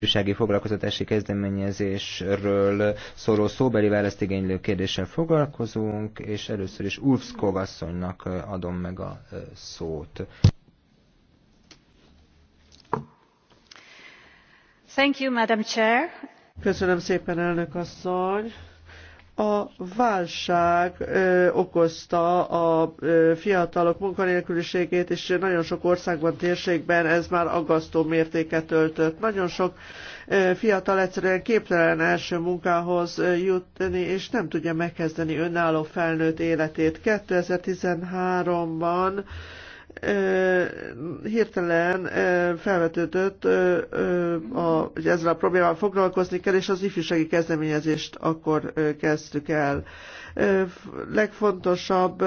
ifjúsági foglalkoztatási kezdeményezésről szóló szóbeli választ igénylő kérdéssel foglalkozunk, és először is Ulfskog asszonynak adom meg a szót. Thank you, Madam Chair. Köszönöm szépen, elnök asszony. A válság ö, okozta a ö, fiatalok munkanélküliségét, és nagyon sok országban, térségben ez már aggasztó mértéket öltött. Nagyon sok ö, fiatal egyszerűen képtelen első munkához ö, jutni, és nem tudja megkezdeni önálló felnőtt életét. 2013-ban hirtelen felvetődött, hogy ezzel a problémával foglalkozni kell, és az ifjúsági kezdeményezést akkor kezdtük el. Legfontosabb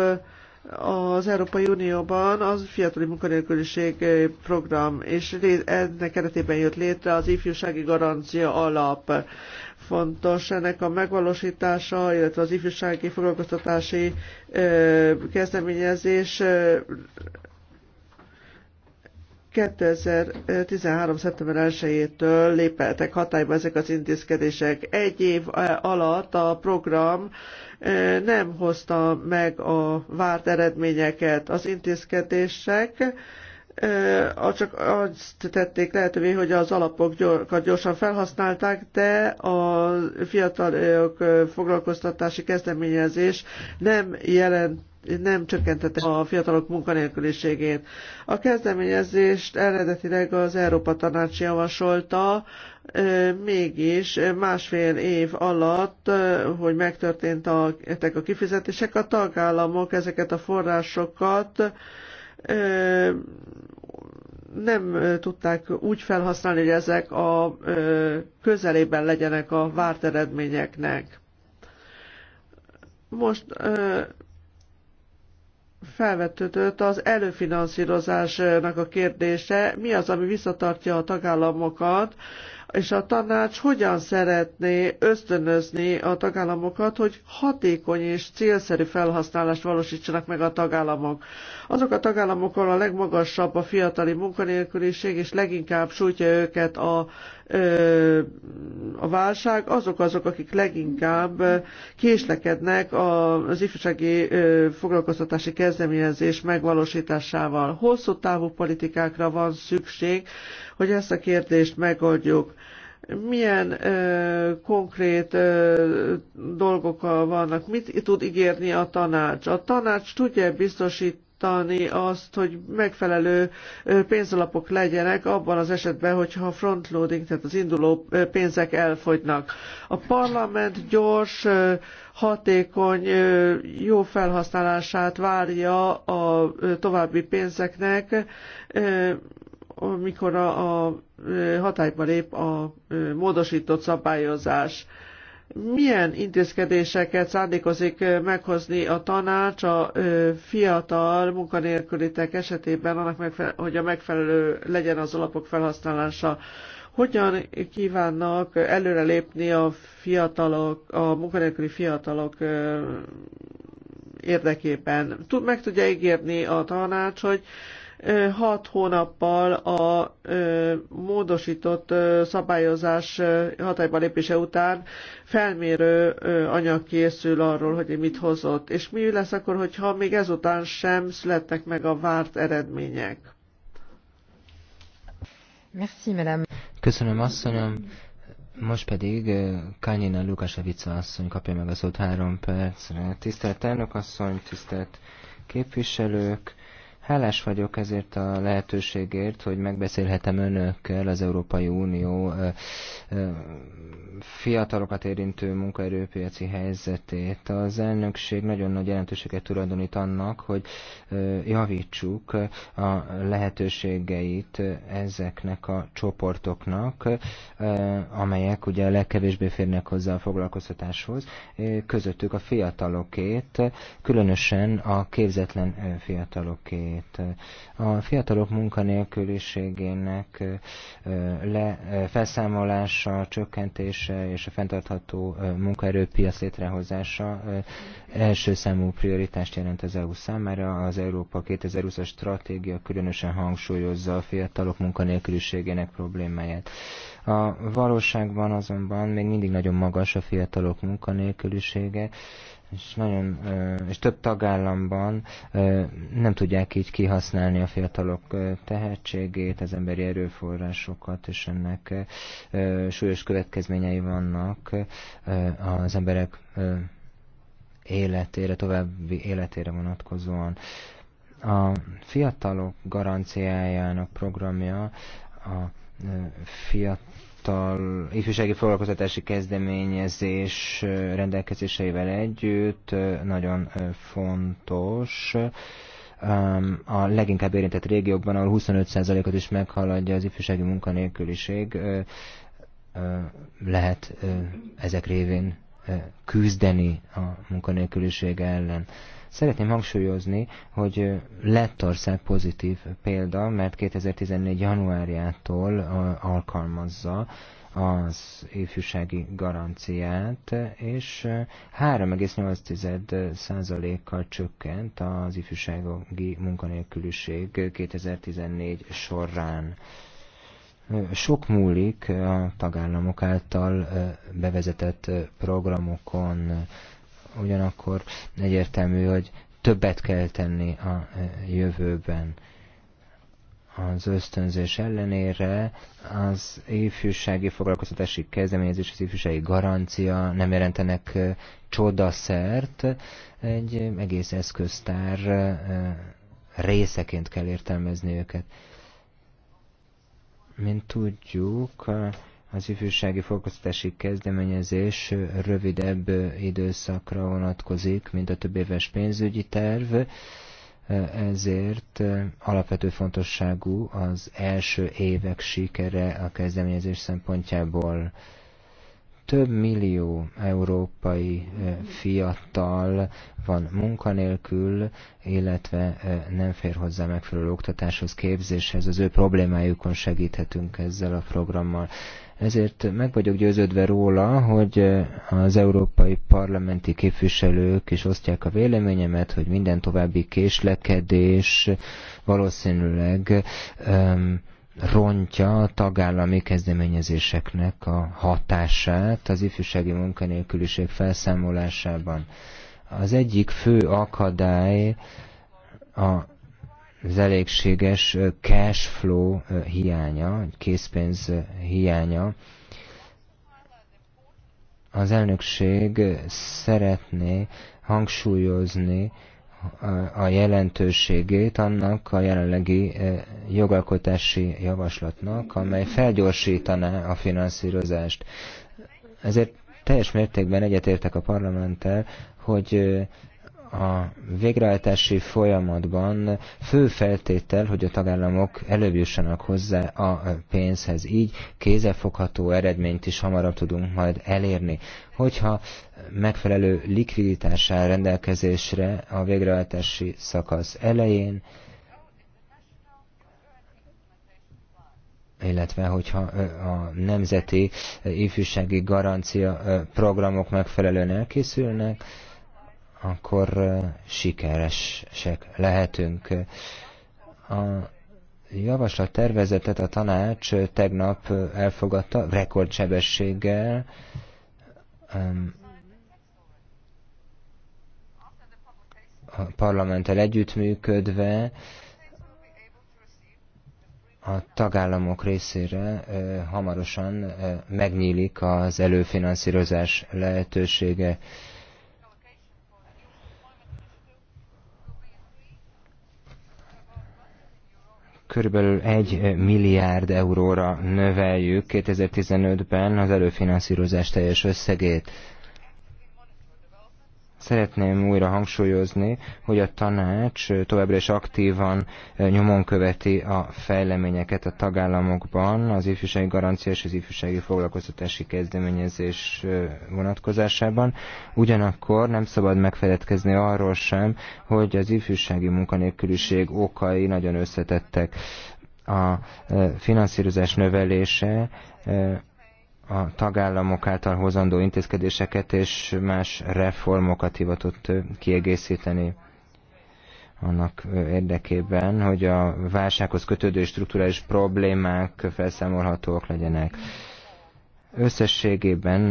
az Európai Unióban az fiatali munkanélküliség program, és ennek keretében jött létre az ifjúsági garancia alap. Fontos ennek a megvalósítása, illetve az ifjúsági foglalkoztatási kezdeményezés 2013. szeptember 1-től lépeltek hatályba ezek az intézkedések. Egy év alatt a program eh, nem hozta meg a várt eredményeket. Az intézkedések eh, csak azt tették lehetővé, hogy az alapokat gyorsan felhasználták, de a fiatalok eh, foglalkoztatási kezdeményezés nem jelent nem csökkentette a fiatalok munkanélküliségét. A kezdeményezést eredetileg az Európa Tanács javasolta, mégis másfél év alatt, hogy megtörtént a, ezek a kifizetések, a tagállamok ezeket a forrásokat nem tudták úgy felhasználni, hogy ezek a közelében legyenek a várt eredményeknek. Most felvetődött az előfinanszírozásnak a kérdése, mi az, ami visszatartja a tagállamokat és a tanács hogyan szeretné ösztönözni a tagállamokat, hogy hatékony és célszerű felhasználást valósítsanak meg a tagállamok. Azok a tagállamok, ahol a legmagasabb a fiatali munkanélküliség, és leginkább sújtja őket a, a válság, azok azok, akik leginkább késlekednek az ifjúsági foglalkoztatási kezdeményezés megvalósításával. Hosszú távú politikákra van szükség, hogy ezt a kérdést megoldjuk milyen ö, konkrét ö, dolgokkal vannak, mit tud ígérni a tanács. A tanács tudja biztosítani azt, hogy megfelelő pénzalapok legyenek abban az esetben, hogyha a frontloading, tehát az induló pénzek elfogynak. A parlament gyors, hatékony, jó felhasználását várja a további pénzeknek amikor a, a hatályba lép a módosított szabályozás. Milyen intézkedéseket szándékozik meghozni a tanács a fiatal munkanélkülitek esetében, annak hogy a megfelelő legyen az alapok felhasználása? Hogyan kívánnak előrelépni a fiatalok, a munkanélküli fiatalok érdekében? Tud, meg tudja ígérni a tanács, hogy hat hónappal a módosított szabályozás hatályba lépése után felmérő anyag készül arról, hogy mit hozott. És mi lesz akkor, hogyha még ezután sem születnek meg a várt eredmények? Merci, madame. Köszönöm, asszonyom. Most pedig Kányina Lukasevica asszony kapja meg az ott három percre. Tisztelt elnök asszony, tisztelt képviselők, Hálás vagyok ezért a lehetőségért, hogy megbeszélhetem önökkel az Európai Unió fiatalokat érintő munkaerőpiaci helyzetét. Az elnökség nagyon nagy jelentőséget tulajdonít annak, hogy javítsuk a lehetőségeit ezeknek a csoportoknak, amelyek ugye a legkevésbé férnek hozzá a foglalkoztatáshoz, közöttük a fiatalokét, különösen a képzetlen fiatalokét szerepét. A fiatalok munkanélküliségének le, felszámolása, csökkentése és a fenntartható munkaerőpiac létrehozása első számú prioritást jelent az EU számára. Az Európa 2020-as stratégia különösen hangsúlyozza a fiatalok munkanélküliségének problémáját. A valóságban azonban még mindig nagyon magas a fiatalok munkanélkülisége, és nagyon, és több tagállamban nem tudják így kihasználni a fiatalok tehetségét, az emberi erőforrásokat, és ennek súlyos következményei vannak az emberek életére, további életére vonatkozóan. A fiatalok garanciájának programja a fiatal fiatal ifjúsági foglalkoztatási kezdeményezés rendelkezéseivel együtt nagyon fontos a leginkább érintett régiókban, ahol 25%-ot is meghaladja az ifjúsági munkanélküliség, lehet ezek révén küzdeni a munkanélküliség ellen. Szeretném hangsúlyozni, hogy Lettország pozitív példa, mert 2014. januárjától alkalmazza az ifjúsági garanciát, és 3,8%-kal csökkent az ifjúsági munkanélküliség 2014 során. Sok múlik a tagállamok által bevezetett programokon, ugyanakkor egyértelmű, hogy többet kell tenni a e, jövőben. Az ösztönzés ellenére az ifjúsági foglalkoztatási kezdeményezés, az ifjúsági garancia nem jelentenek e, csodaszert, egy egész eszköztár e, részeként kell értelmezni őket. Mint tudjuk, az ifjúsági foglalkoztatási kezdeményezés rövidebb időszakra vonatkozik, mint a több éves pénzügyi terv, ezért alapvető fontosságú az első évek sikere a kezdeményezés szempontjából. Több millió európai fiatal van munkanélkül, illetve nem fér hozzá megfelelő oktatáshoz, képzéshez, az ő problémájukon segíthetünk ezzel a programmal ezért meg vagyok győződve róla, hogy az európai parlamenti képviselők is osztják a véleményemet, hogy minden további késlekedés valószínűleg um, rontja a tagállami kezdeményezéseknek a hatását az ifjúsági munkanélküliség felszámolásában. Az egyik fő akadály a az elégséges cash flow hiánya, készpénz hiánya. Az elnökség szeretné hangsúlyozni a jelentőségét annak a jelenlegi jogalkotási javaslatnak, amely felgyorsítaná a finanszírozást. Ezért teljes mértékben egyetértek a parlamenttel, hogy a végrehajtási folyamatban fő feltétel, hogy a tagállamok előbb jussanak hozzá a pénzhez, így kézefogható eredményt is hamarabb tudunk majd elérni. Hogyha megfelelő likviditás áll rendelkezésre a végrehajtási szakasz elején, illetve hogyha a nemzeti ifjúsági garancia programok megfelelően elkészülnek, akkor sikeresek lehetünk. A javaslat tervezetet a tanács tegnap elfogadta rekordsebességgel. A parlamenttel együttműködve a tagállamok részére hamarosan megnyílik az előfinanszírozás lehetősége. körülbelül 1 milliárd euróra növeljük 2015-ben az előfinanszírozás teljes összegét. Szeretném újra hangsúlyozni, hogy a tanács továbbra is aktívan nyomon követi a fejleményeket a tagállamokban az ifjúsági garancia és az ifjúsági foglalkoztatási kezdeményezés vonatkozásában. Ugyanakkor nem szabad megfeledkezni arról sem, hogy az ifjúsági munkanélküliség okai nagyon összetettek. A finanszírozás növelése a tagállamok által hozandó intézkedéseket és más reformokat hivatott kiegészíteni annak érdekében, hogy a válsághoz kötődő struktúrális problémák felszámolhatóak legyenek. Összességében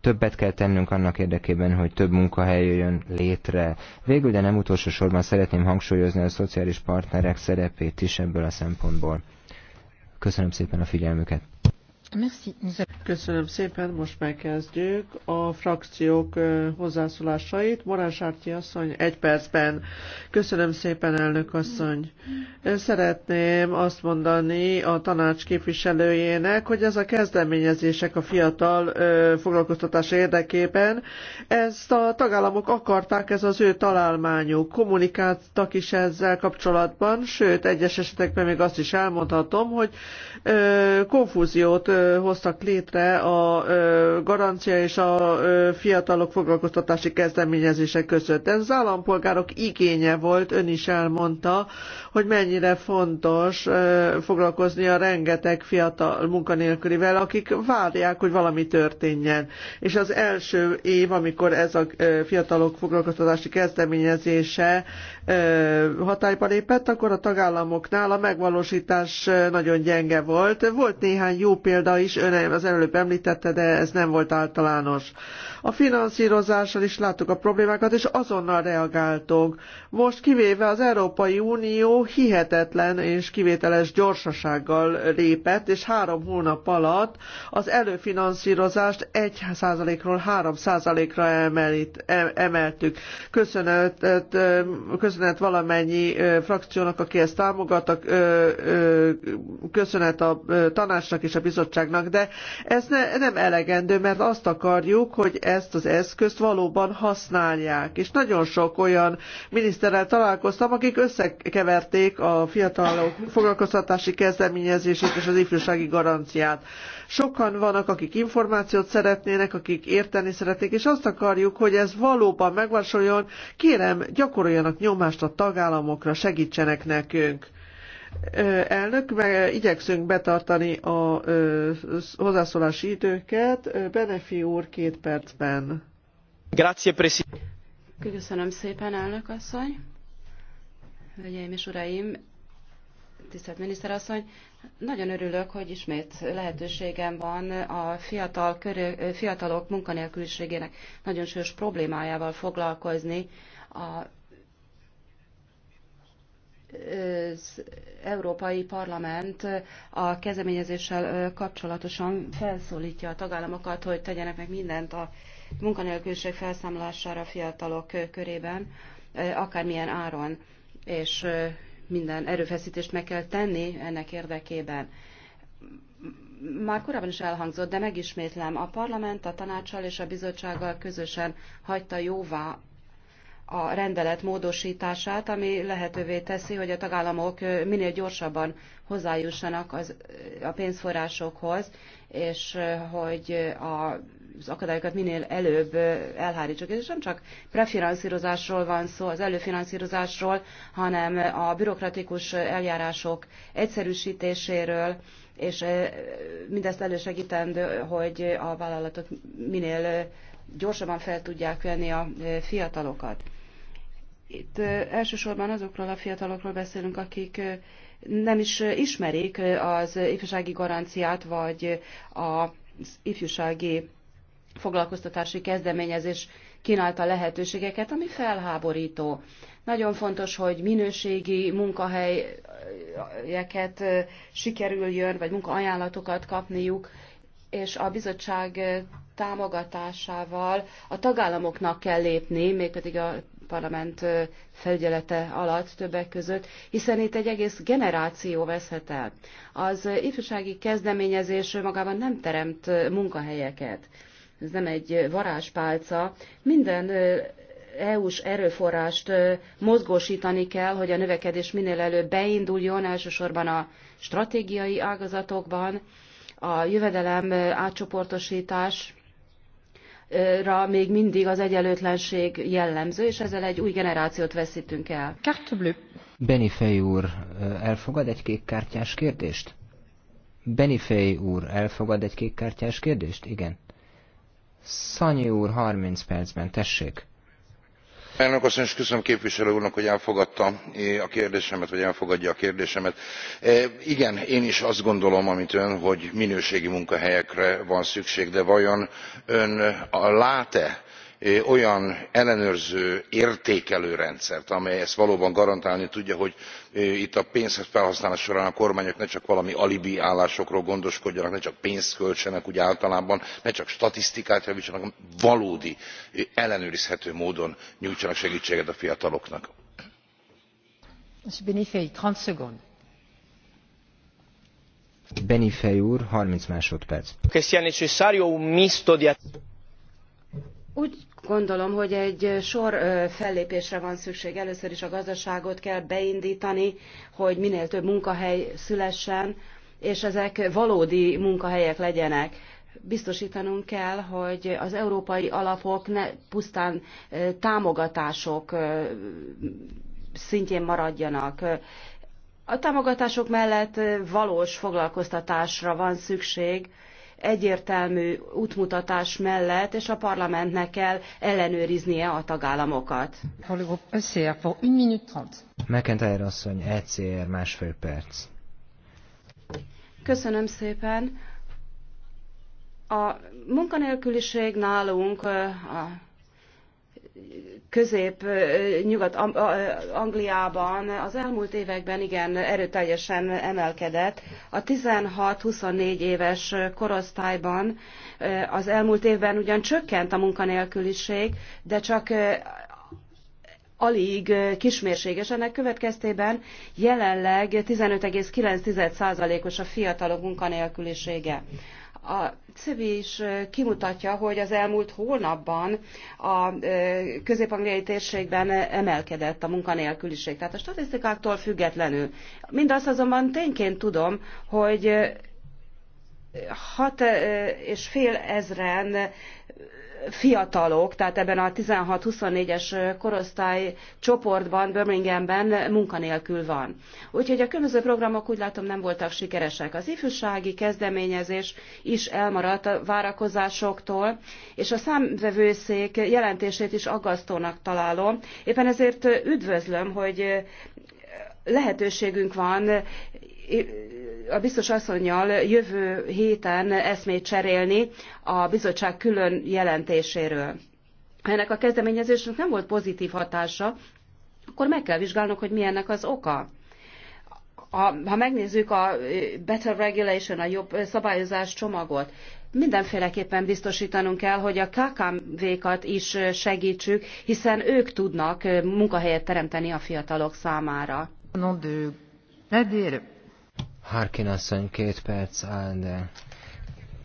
többet kell tennünk annak érdekében, hogy több munkahely jöjjön létre. Végül, de nem utolsó sorban szeretném hangsúlyozni a szociális partnerek szerepét is ebből a szempontból. Köszönöm szépen a figyelmüket! Merci. Köszönöm szépen, most megkezdjük a frakciók hozzászólásait. Morán Sárti asszony, egy percben. Köszönöm szépen, elnök asszony. Szeretném azt mondani a tanács képviselőjének, hogy ez a kezdeményezések a fiatal foglalkoztatás érdekében, ezt a tagállamok akarták, ez az ő találmányuk. Kommunikáltak is ezzel kapcsolatban, sőt, egyes esetekben még azt is elmondhatom, hogy konfúziót hoztak létre a garancia és a fiatalok foglalkoztatási kezdeményezése között. Ez az állampolgárok igénye volt, ön is elmondta, hogy mennyire fontos foglalkozni a rengeteg fiatal munkanélkülivel, akik várják, hogy valami történjen. És az első év, amikor ez a fiatalok foglalkoztatási kezdeményezése hatályba lépett, akkor a tagállamoknál a megvalósítás nagyon gyenge volt. Volt néhány jó példa is, ön az előbb említette, de ez nem volt általános. A finanszírozással is láttuk a problémákat, és azonnal reagáltunk. Most kivéve az Európai Unió hihetetlen és kivételes gyorsasággal lépett, és három hónap alatt az előfinanszírozást 1%-ról 3%-ra e, emeltük. Köszönet, köszönet köszönet valamennyi frakciónak, aki ezt támogatta, köszönet a tanácsnak és a bizottságnak, de ez ne, nem elegendő, mert azt akarjuk, hogy ezt az eszközt valóban használják. És nagyon sok olyan miniszterrel találkoztam, akik összekeverték a fiatalok foglalkoztatási kezdeményezését és az ifjúsági garanciát. Sokan vannak, akik információt szeretnének, akik érteni szeretnék, és azt akarjuk, hogy ez valóban megvalósuljon. Kérem, gyakoroljanak nyomást a tagállamokra, segítsenek nekünk. Elnök, meg igyekszünk betartani a hozzászólási időket. Benefi úr két percben. Grazie, Köszönöm szépen, elnök asszony. Hölgyeim és uraim, Tisztelt miniszterasszony, nagyon örülök, hogy ismét lehetőségem van a fiatal körül, fiatalok munkanélküliségének nagyon sős problémájával foglalkozni. A az Európai Parlament a kezdeményezéssel kapcsolatosan felszólítja a tagállamokat, hogy tegyenek meg mindent a munkanélküliség felszámolására a fiatalok körében, akármilyen áron, és minden erőfeszítést meg kell tenni ennek érdekében. Már korábban is elhangzott, de megismétlem, a parlament a tanácssal és a bizottsággal közösen hagyta jóvá a rendelet módosítását, ami lehetővé teszi, hogy a tagállamok minél gyorsabban hozzájussanak az, a pénzforrásokhoz, és hogy a az akadályokat minél előbb elhárítsuk. És nem csak prefinanszírozásról van szó, az előfinanszírozásról, hanem a bürokratikus eljárások egyszerűsítéséről, és mindezt elősegítendő, hogy a vállalatok minél gyorsabban fel tudják venni a fiatalokat. Itt elsősorban azokról a fiatalokról beszélünk, akik nem is ismerik az ifjúsági garanciát, vagy az ifjúsági foglalkoztatási kezdeményezés kínálta lehetőségeket, ami felháborító. Nagyon fontos, hogy minőségi munkahelyeket sikerüljön, vagy munkaajánlatokat kapniuk, és a bizottság támogatásával a tagállamoknak kell lépni, mégpedig a parlament felügyelete alatt többek között, hiszen itt egy egész generáció veszhet el. Az ifjúsági kezdeményezés magában nem teremt munkahelyeket ez nem egy varázspálca, minden EU-s erőforrást mozgósítani kell, hogy a növekedés minél előbb beinduljon, elsősorban a stratégiai ágazatokban, a jövedelem Ra még mindig az egyenlőtlenség jellemző, és ezzel egy új generációt veszítünk el. Carte bleue. Benifej úr, elfogad egy kék kártyás kérdést? Benifej úr, elfogad egy kék kártyás kérdést? Igen. Szanyi úr, 30 percben, tessék. Elnök asszony, és köszönöm képviselő úrnak, hogy elfogadta eh, a kérdésemet, vagy elfogadja a kérdésemet. Eh, igen, én is azt gondolom, amit ön, hogy minőségi munkahelyekre van szükség, de vajon ön eh, lát-e olyan ellenőrző értékelő rendszert amely ezt valóban garantálni tudja hogy itt a pénzfelhasználás során a kormányok ne csak valami alibi állásokról gondoskodjanak ne csak pénzt költsenek úgy általában ne csak statisztikát javtsanak hanem valódi ellenőrizhető módon nyújtsanak segtséget a fiataloknak. úr úgy gondolom, hogy egy sor fellépésre van szükség. Először is a gazdaságot kell beindítani, hogy minél több munkahely szülessen, és ezek valódi munkahelyek legyenek. Biztosítanunk kell, hogy az európai alapok ne pusztán támogatások szintjén maradjanak. A támogatások mellett valós foglalkoztatásra van szükség, egyértelmű útmutatás mellett, és a parlamentnek kell ellenőriznie a tagállamokat. McIntyre asszony, ECR másfél perc. Köszönöm szépen. A munkanélküliség nálunk a közép-nyugat-angliában az elmúlt években igen erőteljesen emelkedett. A 16-24 éves korosztályban az elmúlt évben ugyan csökkent a munkanélküliség, de csak alig kismérséges. Ennek következtében jelenleg 15,9%-os a fiatalok munkanélkülisége. A CV is kimutatja, hogy az elmúlt hónapban a közép térségben emelkedett a munkanélküliség. Tehát a statisztikáktól függetlenül. Mindazt azonban tényként tudom, hogy hat és fél ezren fiatalok, tehát ebben a 16-24-es korosztály csoportban, Birminghamben munkanélkül van. Úgyhogy a különböző programok úgy látom nem voltak sikeresek. Az ifjúsági kezdeményezés is elmaradt a várakozásoktól, és a számvevőszék jelentését is aggasztónak találom. Éppen ezért üdvözlöm, hogy lehetőségünk van a biztos asszonynal jövő héten eszmét cserélni a bizottság külön jelentéséről. Ha ennek a kezdeményezésnek nem volt pozitív hatása, akkor meg kell vizsgálnunk, hogy mi ennek az oka. ha megnézzük a Better Regulation, a jobb szabályozás csomagot, mindenféleképpen biztosítanunk kell, hogy a KKV-kat is segítsük, hiszen ők tudnak munkahelyet teremteni a fiatalok számára. Non de... Harkin asszony két perc áll, de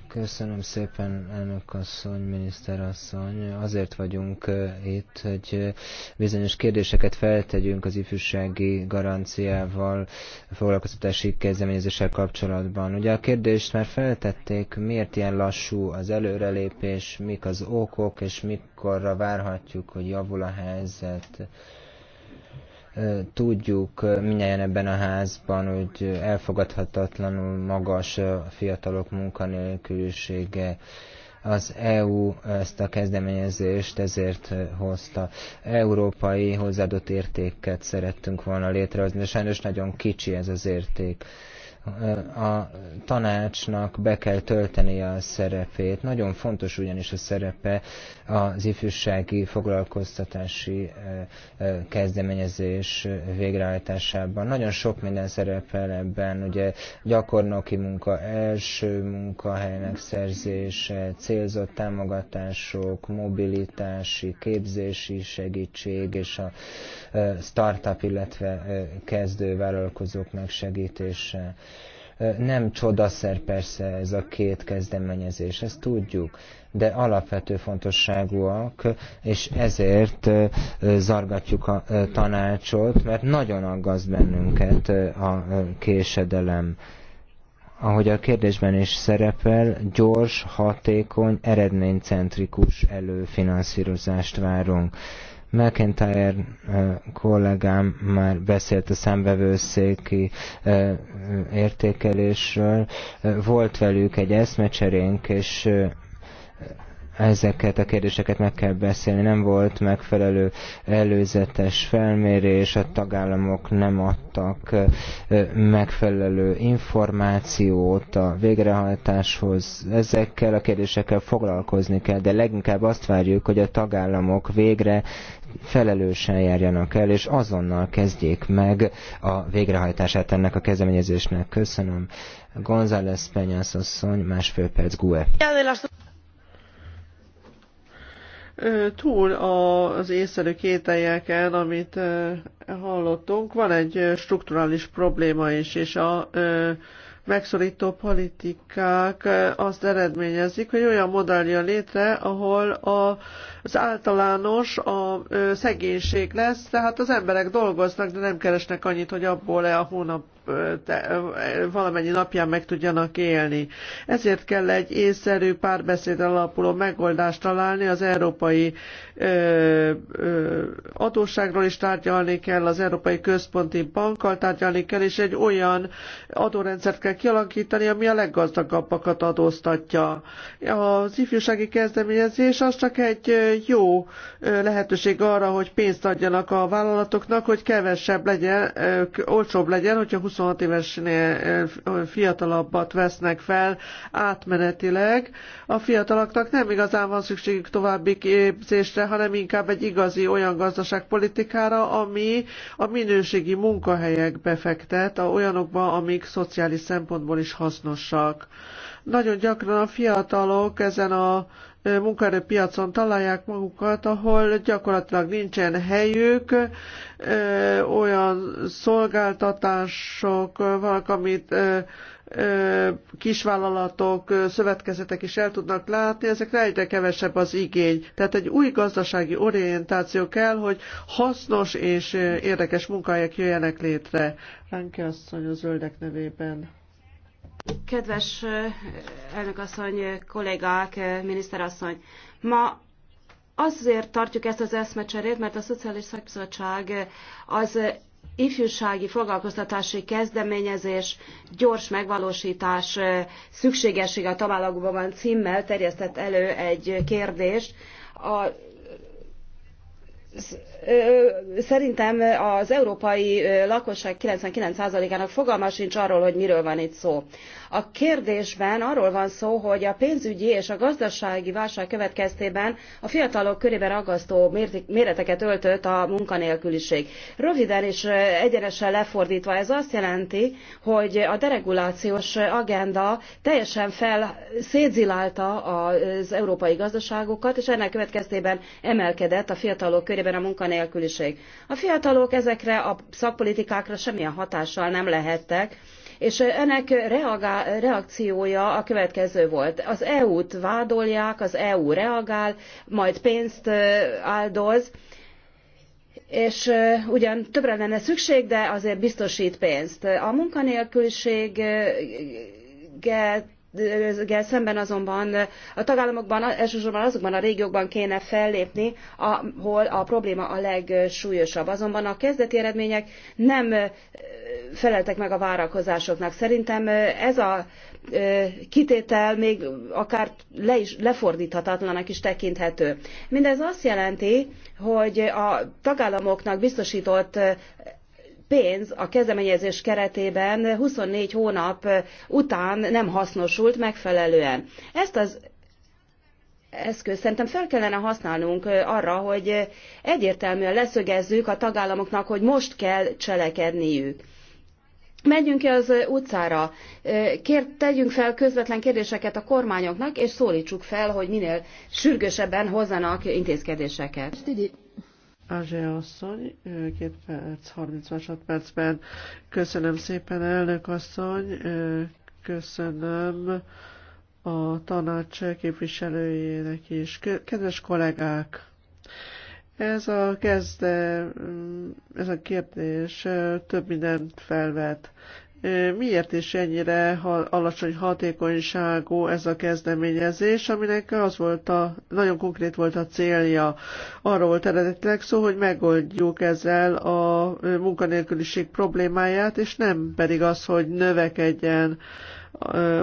köszönöm szépen, elnök asszony, miniszter asszony. Azért vagyunk itt, hogy bizonyos kérdéseket feltegyünk az ifjúsági garanciával, foglalkoztatási kezdeményezéssel kapcsolatban. Ugye a kérdést már feltették, miért ilyen lassú az előrelépés, mik az okok, és mikorra várhatjuk, hogy javul a helyzet Tudjuk minden ebben a házban, hogy elfogadhatatlanul magas a fiatalok munkanélkülisége. Az EU ezt a kezdeményezést ezért hozta. Európai hozzáadott értéket szerettünk volna létrehozni, de sajnos nagyon kicsi ez az érték a tanácsnak be kell töltenie a szerepét. Nagyon fontos ugyanis a szerepe az ifjúsági foglalkoztatási e, e, kezdeményezés végrehajtásában. Nagyon sok minden szerepel ebben, ugye gyakornoki munka, első munkahely megszerzése, célzott támogatások, mobilitási, képzési segítség és a e, startup, illetve kezdő vállalkozók megsegítése nem csodaszer persze ez a két kezdeményezés, ezt tudjuk, de alapvető fontosságúak, és ezért zargatjuk a tanácsot, mert nagyon aggaszt bennünket a késedelem ahogy a kérdésben is szerepel, gyors, hatékony, eredménycentrikus előfinanszírozást várunk. McIntyre kollégám már beszélt a számvevőszéki értékelésről, volt velük egy eszmecserénk, és ezeket a kérdéseket meg kell beszélni. Nem volt megfelelő előzetes felmérés, a tagállamok nem adtak megfelelő információt a végrehajtáshoz. Ezekkel a kérdésekkel foglalkozni kell, de leginkább azt várjuk, hogy a tagállamok végre felelősen járjanak el, és azonnal kezdjék meg a végrehajtását ennek a kezdeményezésnek. Köszönöm. González Penyász asszony, másfél perc GUE. Túl az észszerű kételjeken, amit hallottunk, van egy strukturális probléma is, és a megszorító politikák azt eredményezik, hogy olyan modell jön létre, ahol a, az általános a szegénység lesz, tehát az emberek dolgoznak, de nem keresnek annyit, hogy abból-e a hónap te, valamennyi napján meg tudjanak élni. Ezért kell egy észszerű párbeszéd alapuló megoldást találni, az európai ö, ö, adósságról is tárgyalni kell, az Európai Központi Bankkal tárgyalni kell, és egy olyan adórendszert kell kell kialakítani, ami a leggazdagabbakat adóztatja. Az ifjúsági kezdeményezés az csak egy jó lehetőség arra, hogy pénzt adjanak a vállalatoknak, hogy kevesebb legyen, olcsóbb legyen, hogyha 26 évesnél fiatalabbat vesznek fel átmenetileg. A fiataloknak nem igazán van szükségük további képzésre, hanem inkább egy igazi olyan gazdaságpolitikára, ami a minőségi munkahelyekbe fektet, olyanokba, amik szociális szem szempontból is hasznosak. Nagyon gyakran a fiatalok ezen a munkaerőpiacon találják magukat, ahol gyakorlatilag nincsen helyük, olyan szolgáltatások valak, amit kisvállalatok, szövetkezetek is el tudnak látni, ezekre egyre kevesebb az igény. Tehát egy új gazdasági orientáció kell, hogy hasznos és érdekes munkahelyek jöjjenek létre. Ránki asszony a zöldek nevében. Kedves eh, elnökasszony, kollégák, eh, miniszterasszony! Ma azért tartjuk ezt az eszmecserét, mert a Szociális Szakbizottság eh, az ifjúsági foglalkoztatási kezdeményezés gyors megvalósítás szükségessége a tagállamokban címmel terjesztett elő egy kérdést. A szerintem az európai lakosság 99%-ának fogalma sincs arról, hogy miről van itt szó. A kérdésben arról van szó, hogy a pénzügyi és a gazdasági válság következtében a fiatalok körében aggasztó méreteket öltött a munkanélküliség. Röviden és egyenesen lefordítva ez azt jelenti, hogy a deregulációs agenda teljesen fel szétzilálta az európai gazdaságokat, és ennek következtében emelkedett a fiatalok körében a munkanélküliség. A fiatalok ezekre a szakpolitikákra semmilyen hatással nem lehettek, és ennek reakciója a következő volt. Az EU-t vádolják, az EU reagál, majd pénzt áldoz, és ugyan többre lenne szükség, de azért biztosít pénzt. A munkanélküliséget ezzel szemben azonban a tagállamokban, elsősorban azokban a régiókban kéne fellépni, ahol a probléma a legsúlyosabb. Azonban a kezdeti eredmények nem feleltek meg a várakozásoknak. Szerintem ez a kitétel még akár le is, lefordíthatatlanak is tekinthető. Mindez azt jelenti, hogy a tagállamoknak biztosított pénz a kezdeményezés keretében 24 hónap után nem hasznosult megfelelően. Ezt az eszköz szerintem fel kellene használnunk arra, hogy egyértelműen leszögezzük a tagállamoknak, hogy most kell cselekedniük. Menjünk ki az utcára, Kér, tegyünk fel közvetlen kérdéseket a kormányoknak, és szólítsuk fel, hogy minél sürgősebben hozzanak intézkedéseket. Ázsia asszony, 2 perc, 30 másodpercben. Köszönöm szépen, elnök asszony, köszönöm a tanács képviselőjének is. Kedves kollégák! Ez a kezde, mm, ez a kérdés több mindent felvet. Miért is ennyire alacsony hatékonyságú ez a kezdeményezés, aminek az volt a, nagyon konkrét volt a célja. Arról volt eredetileg szó, hogy megoldjuk ezzel a munkanélküliség problémáját, és nem pedig az, hogy növekedjen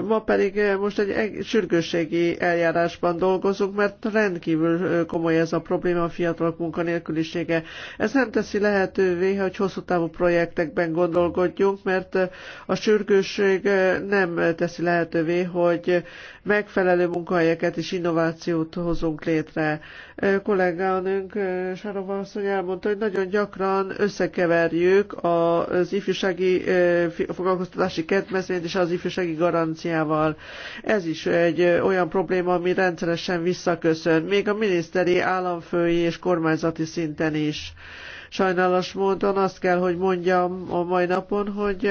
Ma pedig most egy sürgősségi eljárásban dolgozunk, mert rendkívül komoly ez a probléma, a fiatalok munkanélkülisége. Ez nem teszi lehetővé, hogy hosszú távú projektekben gondolkodjunk, mert a sürgősség nem teszi lehetővé, hogy megfelelő munkahelyeket és innovációt hozunk létre. Kollégánk Sarova asszony elmondta, hogy nagyon gyakran összekeverjük az ifjúsági foglalkoztatási kedvezményt és az ifjúsági garanciával. Ez is egy olyan probléma, ami rendszeresen visszaköszön, még a miniszteri, államfői és kormányzati szinten is. Sajnálatos módon azt kell, hogy mondjam a mai napon, hogy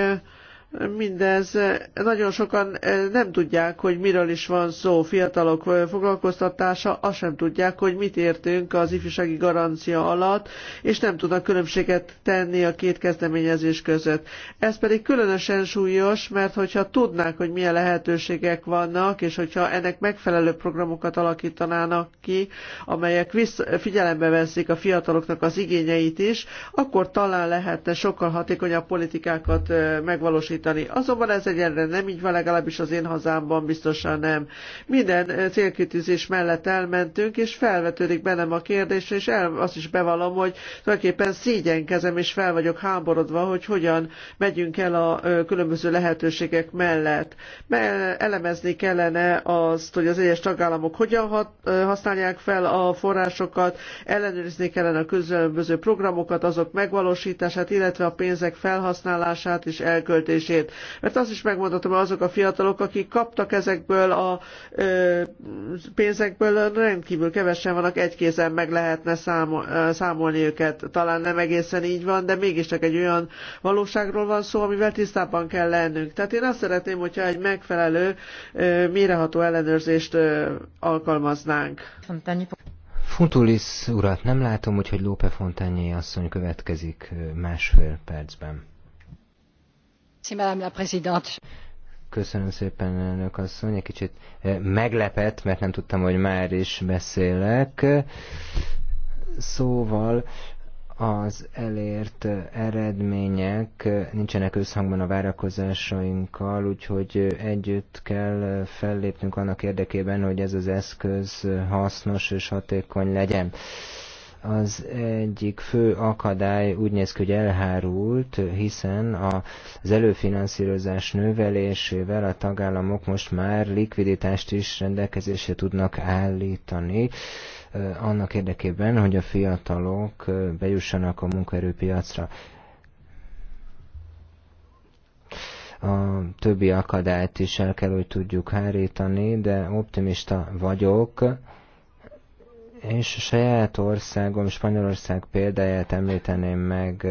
Mindez eh, nagyon sokan eh, nem tudják, hogy miről is van szó. Fiatalok eh, foglalkoztatása, azt sem tudják, hogy mit értünk az ifjúsági garancia alatt, és nem tudnak különbséget tenni a két kezdeményezés között. Ez pedig különösen súlyos, mert hogyha tudnák, hogy milyen lehetőségek vannak, és hogyha ennek megfelelő programokat alakítanának ki, amelyek figyelembe veszik a fiataloknak az igényeit is, akkor talán lehetne sokkal hatékonyabb politikákat megvalósítani megvalósítani. Azonban ez egyenre nem így van, legalábbis az én hazámban biztosan nem. Minden célkitűzés mellett elmentünk, és felvetődik bennem a kérdés, és el, azt is bevallom, hogy tulajdonképpen szégyenkezem, és fel vagyok háborodva, hogy hogyan megyünk el a különböző lehetőségek mellett. Mert elemezni kellene azt, hogy az egyes tagállamok hogyan hat, használják fel a forrásokat, ellenőrizni kellene a különböző programokat, azok megvalósítását, illetve a pénzek felhasználását és elköltését működését. Mert azt is megmondhatom, hogy azok a fiatalok, akik kaptak ezekből a ö, pénzekből, rendkívül kevesen vannak, egy kézen meg lehetne számolni őket. Talán nem egészen így van, de mégiscsak egy olyan valóságról van szó, amivel tisztában kell lennünk. Tehát én azt szeretném, hogyha egy megfelelő, ö, méreható ellenőrzést ö, alkalmaznánk. Funtulis urat nem látom, úgyhogy Lópe Fontányi asszony következik másfél percben. Köszönöm szépen, elnök asszony. Egy kicsit eh, meglepett, mert nem tudtam, hogy már is beszélek. Szóval az elért eh, eredmények eh, nincsenek összhangban a várakozásainkkal, úgyhogy együtt kell fellépnünk annak érdekében, hogy ez az eszköz hasznos és hatékony legyen. Az egyik fő akadály úgy néz ki, hogy elhárult, hiszen az előfinanszírozás növelésével a tagállamok most már likviditást is rendelkezésre tudnak állítani annak érdekében, hogy a fiatalok bejussanak a munkaerőpiacra. a többi akadályt is el kell, hogy tudjuk hárítani, de optimista vagyok, és saját országom, Spanyolország példáját említeném meg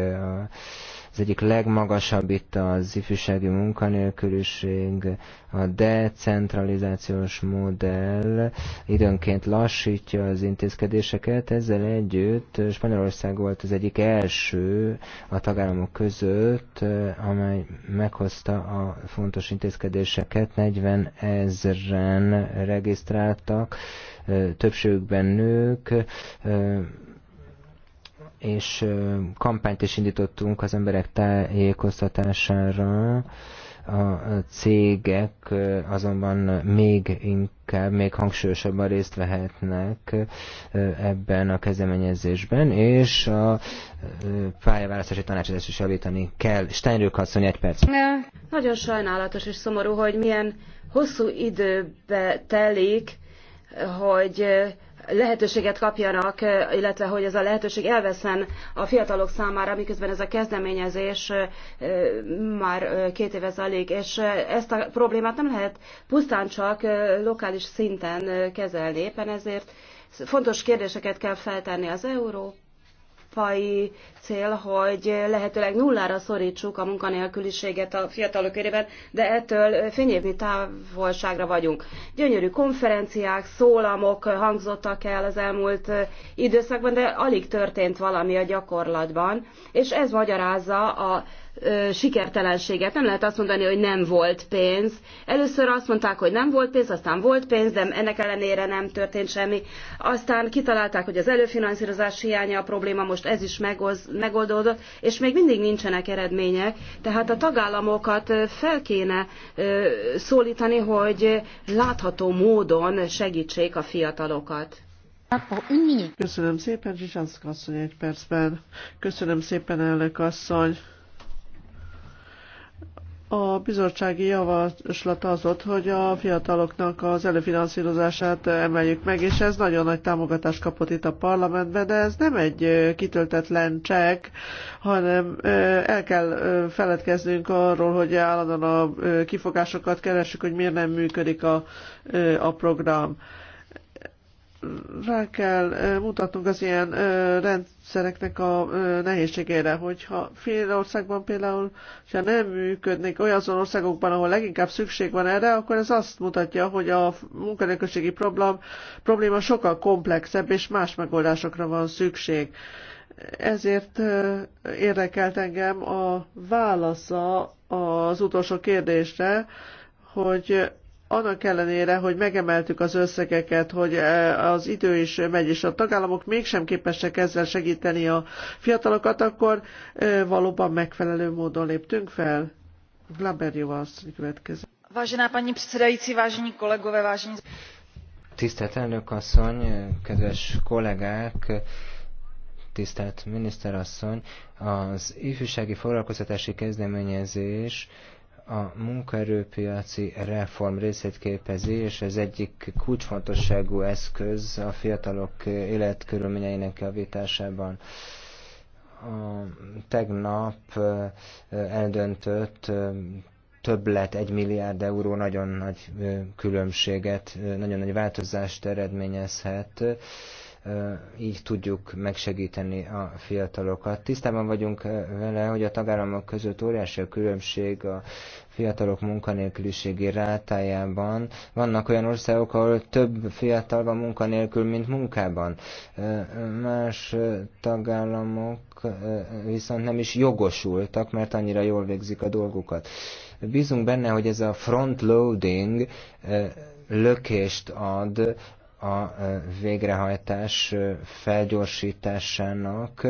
az egyik legmagasabb itt az ifjúsági munkanélküliség, a decentralizációs modell időnként lassítja az intézkedéseket, ezzel együtt Spanyolország volt az egyik első a tagállamok között, amely meghozta a fontos intézkedéseket, 40 ezeren regisztráltak, többségükben nők, és kampányt is indítottunk az emberek tájékoztatására. A cégek azonban még inkább, még hangsúlyosabban részt vehetnek ebben a kezdeményezésben, és a pályaválasztási tanácsadást is javítani kell. Steinrück asszony, egy perc. Nagyon sajnálatos és szomorú, hogy milyen hosszú időbe telik, hogy lehetőséget kapjanak, illetve hogy ez a lehetőség elveszen a fiatalok számára, miközben ez a kezdeményezés már két éve zajlik, és ezt a problémát nem lehet pusztán csak lokális szinten kezelni, éppen ezért fontos kérdéseket kell feltenni az Európa európai cél, hogy lehetőleg nullára szorítsuk a munkanélküliséget a fiatalok körében, de ettől fényévnyi távolságra vagyunk. Gyönyörű konferenciák, szólamok hangzottak el az elmúlt időszakban, de alig történt valami a gyakorlatban, és ez magyarázza a sikertelenséget. Nem lehet azt mondani, hogy nem volt pénz. Először azt mondták, hogy nem volt pénz, aztán volt pénz, de ennek ellenére nem történt semmi. Aztán kitalálták, hogy az előfinanszírozás hiánya a probléma, most ez is megoz, megoldódott, és még mindig nincsenek eredmények. Tehát a tagállamokat fel kéne szólítani, hogy látható módon segítsék a fiatalokat. Köszönöm szépen, Zsizsánszka asszony egy percben. Köszönöm szépen, elnök asszony. A bizottsági javaslat az ott, hogy a fiataloknak az előfinanszírozását emeljük meg, és ez nagyon nagy támogatást kapott itt a parlamentben, de ez nem egy kitöltetlen csekk, hanem el kell feledkeznünk arról, hogy állandóan a kifogásokat keresünk, hogy miért nem működik a, a program rá kell mutatnunk az ilyen rendszereknek a nehézségére, hogyha fél országban például, ha nem működnek olyan azon országokban, ahol leginkább szükség van erre, akkor ez azt mutatja, hogy a munkanélküliségi problém, probléma sokkal komplexebb, és más megoldásokra van szükség. Ezért érdekelt engem a válasza az utolsó kérdésre, hogy annak ellenére, hogy megemeltük az összegeket, hogy e, az idő is megy, és a tagállamok mégsem képesek ezzel segíteni a fiatalokat, akkor e, valóban megfelelő módon léptünk fel. Glaberjova asszony következő. Vážená pani předsedající, vážení kolegové, vážení... Tisztelt elnök asszony, kedves kollégák, tisztelt miniszter asszony, az ifjúsági foglalkoztatási kezdeményezés a munkaerőpiaci reform részét képezi, és ez egyik kulcsfontosságú eszköz a fiatalok életkörülményeinek javításában. A tegnap eldöntött többlet, egy milliárd euró nagyon nagy különbséget, nagyon nagy változást eredményezhet így tudjuk megsegíteni a fiatalokat. Tisztában vagyunk vele, hogy a tagállamok között óriási a különbség a fiatalok munkanélküliségi rátájában. Vannak olyan országok, ahol több fiatal van munkanélkül, mint munkában. Más tagállamok viszont nem is jogosultak, mert annyira jól végzik a dolgukat. Bízunk benne, hogy ez a front loading lökést ad a e, végrehajtás e, felgyorsításának.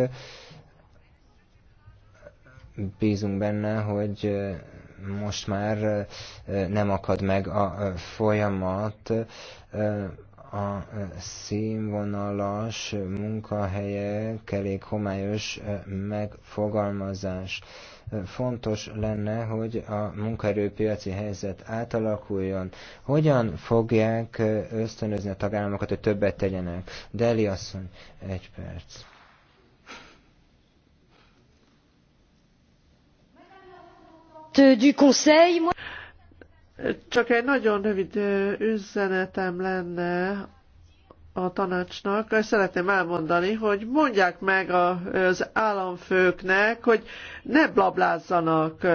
Bízunk benne, hogy e, most már nem akad meg a folyamat, a színvonalas munkahelyek elég homályos megfogalmazás fontos lenne, hogy a munkaerőpiaci helyzet átalakuljon. Hogyan fogják ösztönözni a tagállamokat, hogy többet tegyenek? Deli asszony, egy perc. Du conseil, Csak egy nagyon rövid üzenetem lenne a tanácsnak, szeretném elmondani, hogy mondják meg az államfőknek, hogy ne blablázzanak,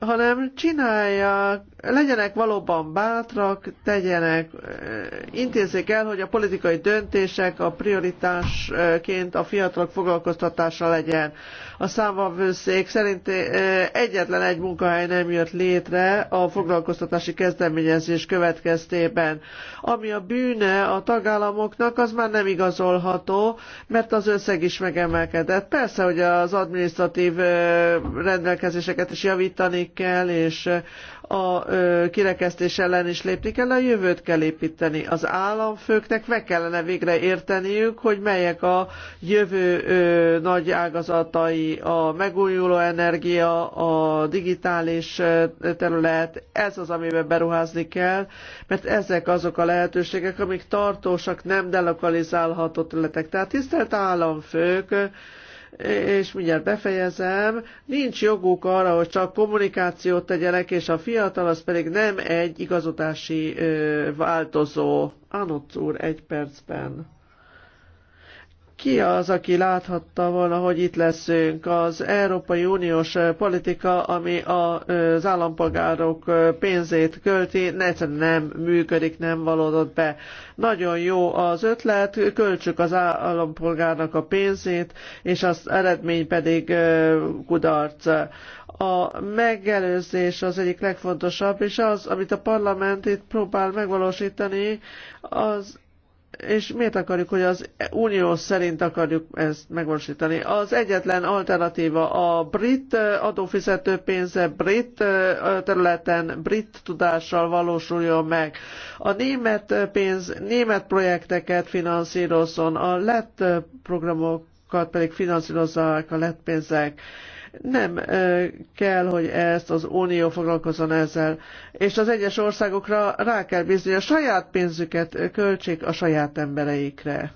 hanem csinálják, legyenek valóban bátrak, tegyenek, intézzék el, hogy a politikai döntések a prioritásként a fiatalok foglalkoztatása legyen. A számvevőszék szerint egyetlen egy munkahely nem jött létre a foglalkoztatási kezdeményezés következtében. Ami a bűne a tagállamoknak, az már nem igazolható, mert az összeg is megemelkedett. Persze, hogy az adminisztratív rendelkezéseket is javítani kell, és a kirekesztés ellen is lépni kell, a jövőt kell építeni. Az államfőknek meg kellene végre érteniük, hogy melyek a jövő nagy ágazatai, a megújuló energia, a digitális terület, ez az, amiben beruházni kell, mert ezek azok a lehetőségek, amik tartósak, nem delokalizálható területek. Tehát tisztelt államfők, és mindjárt befejezem, nincs joguk arra, hogy csak kommunikációt tegyenek, és a fiatal az pedig nem egy igazodási változó. Anott úr, egy percben ki az, aki láthatta volna, hogy itt leszünk? Az Európai Uniós politika, ami az állampolgárok pénzét költi, egyszerűen nem működik, nem valódott be. Nagyon jó az ötlet, költsük az állampolgárnak a pénzét, és az eredmény pedig kudarc. A megelőzés az egyik legfontosabb, és az, amit a parlament itt próbál megvalósítani, az és miért akarjuk, hogy az unió szerint akarjuk ezt megvalósítani? Az egyetlen alternatíva a brit adófizető pénze brit területen, brit tudással valósuljon meg. A német pénz német projekteket finanszírozzon, a lett programokat pedig finanszírozzák a lett pénzek nem kell, hogy ezt az Unió foglalkozzon ezzel. És az egyes országokra rá kell bízni, a saját pénzüket költsék a saját embereikre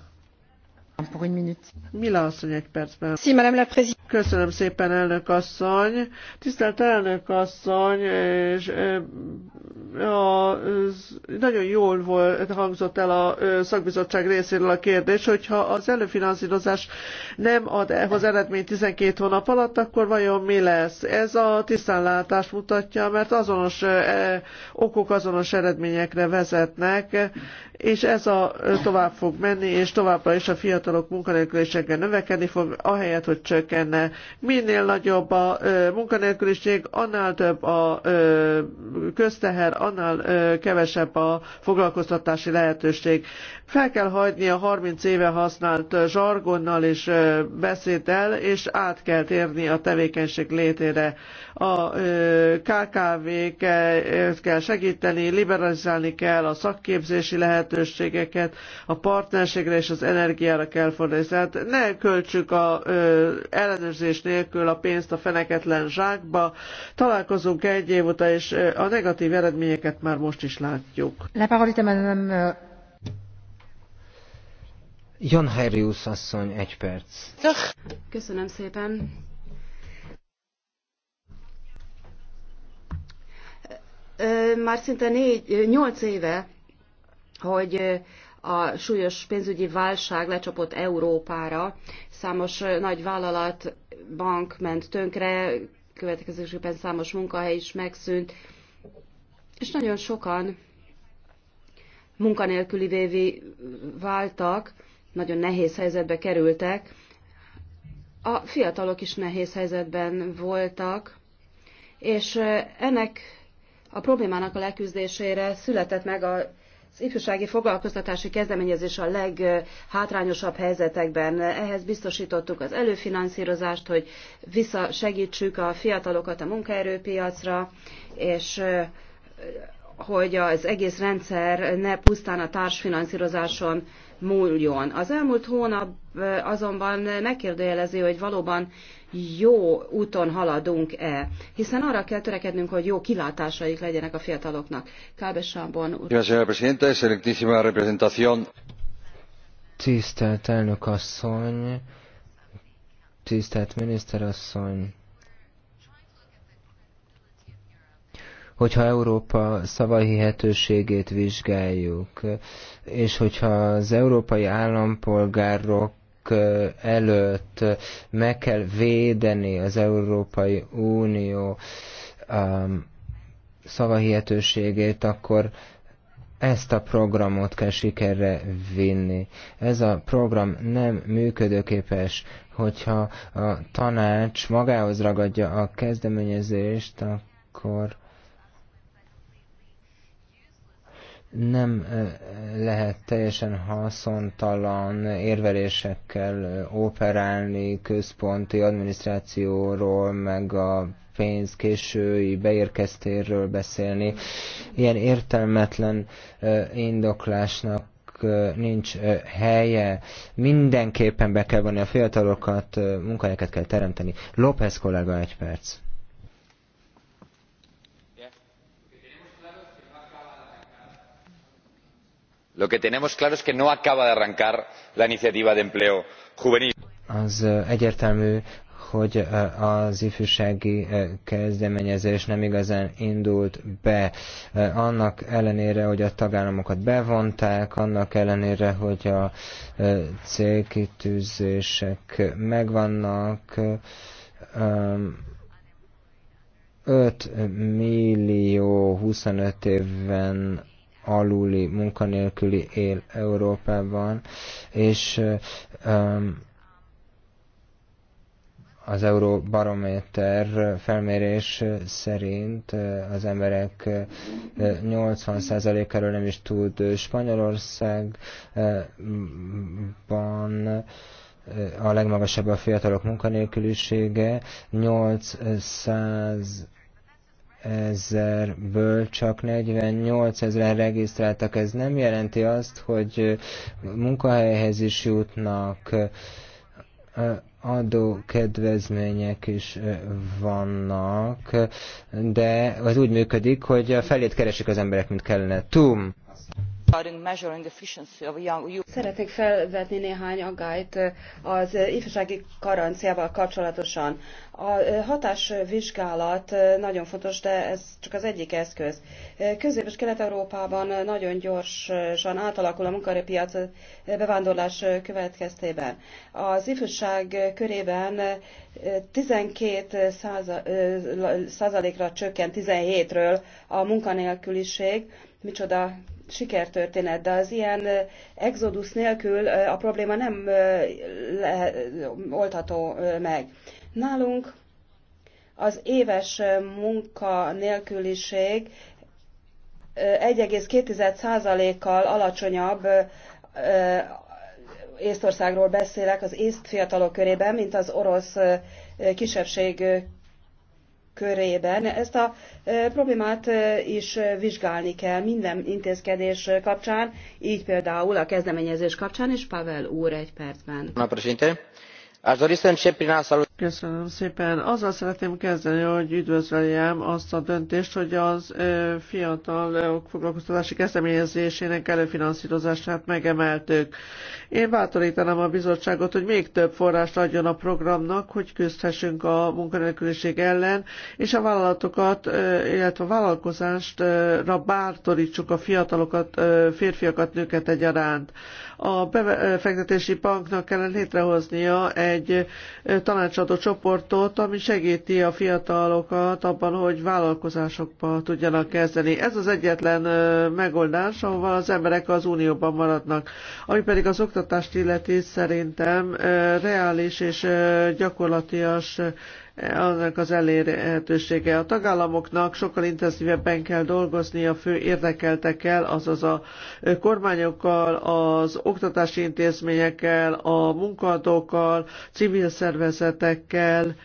egy percben. Si, madame la présidente. Köszönöm szépen, elnök asszony. Tisztelt elnök asszony, és a, nagyon jól volt, hangzott el a szakbizottság részéről a kérdés, hogyha az előfinanszírozás nem ad ehhoz eredményt 12 hónap alatt, akkor vajon mi lesz? Ez a tisztánlátást mutatja, mert azonos e, okok azonos eredményekre vezetnek, és ez a tovább fog menni, és továbbra is a fiatal fiatalok munkanélkülisége növekedni fog, ahelyett, hogy csökkenne. Minél nagyobb a munkanélküliség, annál több a közteher, annál kevesebb a foglalkoztatási lehetőség. Fel kell hagyni a 30 éve használt zsargonnal és beszéddel, és át kell térni a tevékenység létére. A KKV-ket kell segíteni, liberalizálni kell a szakképzési lehetőségeket, a partnerségre és az energiára kell kell fordítani. Tehát ne költsük a ö, ellenőrzés nélkül a pénzt a feneketlen zsákba. Találkozunk egy év után, és a negatív eredményeket már most is látjuk. Euh, Jan Herius asszony, egy perc. Köszönöm szépen. Már szinte négy, nyolc éve, hogy a súlyos pénzügyi válság lecsapott Európára. Számos nagy vállalat, bank ment tönkre, következőképpen számos munkahely is megszűnt, és nagyon sokan munkanélkülivé váltak, nagyon nehéz helyzetbe kerültek. A fiatalok is nehéz helyzetben voltak, és ennek a problémának a leküzdésére született meg a ifjúsági foglalkoztatási kezdeményezés a leghátrányosabb helyzetekben. Ehhez biztosítottuk az előfinanszírozást, hogy visszasegítsük a fiatalokat a munkaerőpiacra, és hogy az egész rendszer ne pusztán a társfinanszírozáson múljon. Az elmúlt hónap azonban megkérdőjelezi, hogy valóban jó úton haladunk-e, hiszen arra kell törekednünk, hogy jó kilátásaik legyenek a fiataloknak. Kábes Sámbon Tisztelt elnök asszony, tisztelt miniszterasszony, hogyha Európa szavahihetőségét vizsgáljuk, és hogyha az európai állampolgárok előtt meg kell védeni az Európai Unió um, szavahihetőségét, akkor ezt a programot kell sikerre vinni. Ez a program nem működőképes, hogyha a tanács magához ragadja a kezdeményezést, akkor nem lehet teljesen haszontalan érvelésekkel operálni központi adminisztrációról, meg a pénz késői beérkeztéről beszélni. Ilyen értelmetlen indoklásnak nincs helye. Mindenképpen be kell vonni a fiatalokat, munkahelyeket kell teremteni. López kollega egy perc. lo que tenemos claro es que no acaba de arrancar la iniciativa de empleo juvenil. Az egyértelmű, hogy az ifjúsági kezdeményezés nem igazán indult be. Annak ellenére, hogy a tagállamokat bevonták, annak ellenére, hogy a célkitűzések megvannak, 5 millió 25 éven aluli munkanélküli él Európában, és um, az Euróbarométer felmérés szerint uh, az emberek 80%-áról uh, nem is tud uh, Spanyolországban a legmagasabb a fiatalok munkanélkülisége, 800 ezerből csak 48 ezeren regisztráltak. Ez nem jelenti azt, hogy munkahelyhez is jutnak, adó kedvezmények is vannak, de az úgy működik, hogy a felét keresik az emberek, mint kellene. Tum! Szeretnék felvetni néhány aggályt az ifjúsági garanciával kapcsolatosan. A hatásvizsgálat nagyon fontos, de ez csak az egyik eszköz. Közép- és Kelet-Európában nagyon gyorsan átalakul a munkaerőpiac bevándorlás következtében. Az ifjúság körében 12 százalékra csökkent 17-ről a munkanélküliség, micsoda sikertörténet, de az ilyen exodus nélkül a probléma nem le, oldható meg. Nálunk az éves munka 1,2%-kal alacsonyabb Észtországról beszélek, az észt fiatalok körében, mint az orosz kisebbség körében. Ezt a problémát is vizsgálni kell minden intézkedés kapcsán, így például a kezdeményezés kapcsán, is Pavel úr egy percben. Aș dori să încep prin a saluta. Köszönöm szépen. Azzal szeretném kezdeni, hogy üdvözleljem azt a döntést, hogy az fiatalok foglalkoztatási kezdeményezésének előfinanszírozását megemeltük. Én bátorítanám a bizottságot, hogy még több forrást adjon a programnak, hogy küzdhessünk a munkanélküliség ellen, és a vállalatokat, illetve a vállalkozást bátorítsuk a fiatalokat, férfiakat, nőket egyaránt. A befektetési banknak kellene létrehoznia egy tanácsadó csoportot, ami segíti a fiatalokat abban, hogy vállalkozásokba tudjanak kezdeni. Ez az egyetlen megoldás, ahol az emberek az unióban maradnak. Ami pedig az oktatást illeti, szerintem reális és gyakorlatias annak az elérhetősége. A tagállamoknak sokkal intenzívebben kell dolgozni a fő érdekeltekkel, azaz a kormányokkal, az oktatási intézményekkel, a munkadókkal, civil szervezetekkel,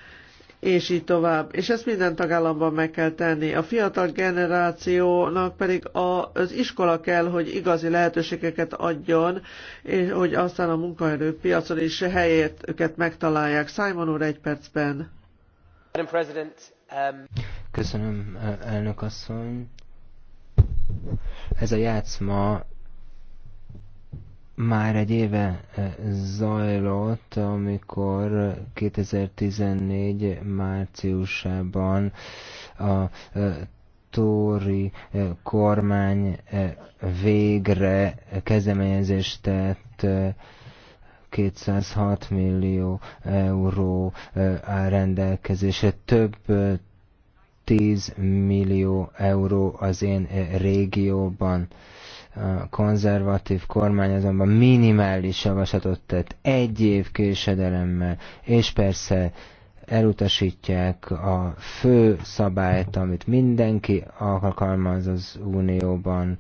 és így tovább. És ezt minden tagállamban meg kell tenni. A fiatal generációnak pedig a, az iskola kell, hogy igazi lehetőségeket adjon, és hogy aztán a munkaerőpiacon is helyét őket megtalálják. Simon úr egy percben. Um, Köszönöm, elnök asszony. Ez a játszma már egy éve zajlott, amikor 2014 márciusában a Tóri kormány végre kezdeményezést tett 206 millió euró eh, áll rendelkezésre, több 10 eh, millió euró az én eh, régióban. A konzervatív kormány azonban minimális javaslatot tett egy év késedelemmel, és persze elutasítják a fő szabályt, amit mindenki alkalmaz az Unióban,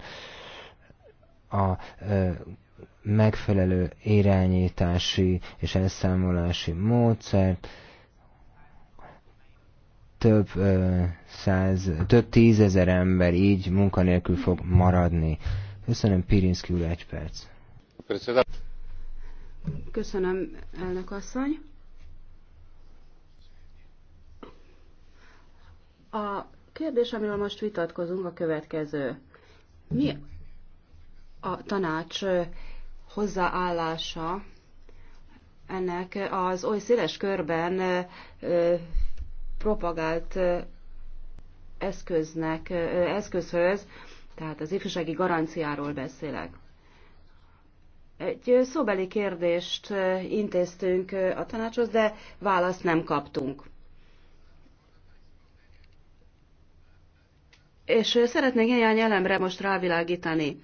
a megfelelő irányítási és elszámolási módszert, több ö, száz, több tízezer ember így munkanélkül fog maradni. Köszönöm, Pirinszki úr, egy perc. Köszönöm, elnök asszony. A kérdés, amiről most vitatkozunk, a következő. Mi a tanács hozzáállása ennek az oly széles körben propagált eszköznek, eszközhöz, tehát az ifjúsági garanciáról beszélek. Egy szóbeli kérdést intéztünk a tanácshoz, de választ nem kaptunk. És szeretnék néhány elemre most rávilágítani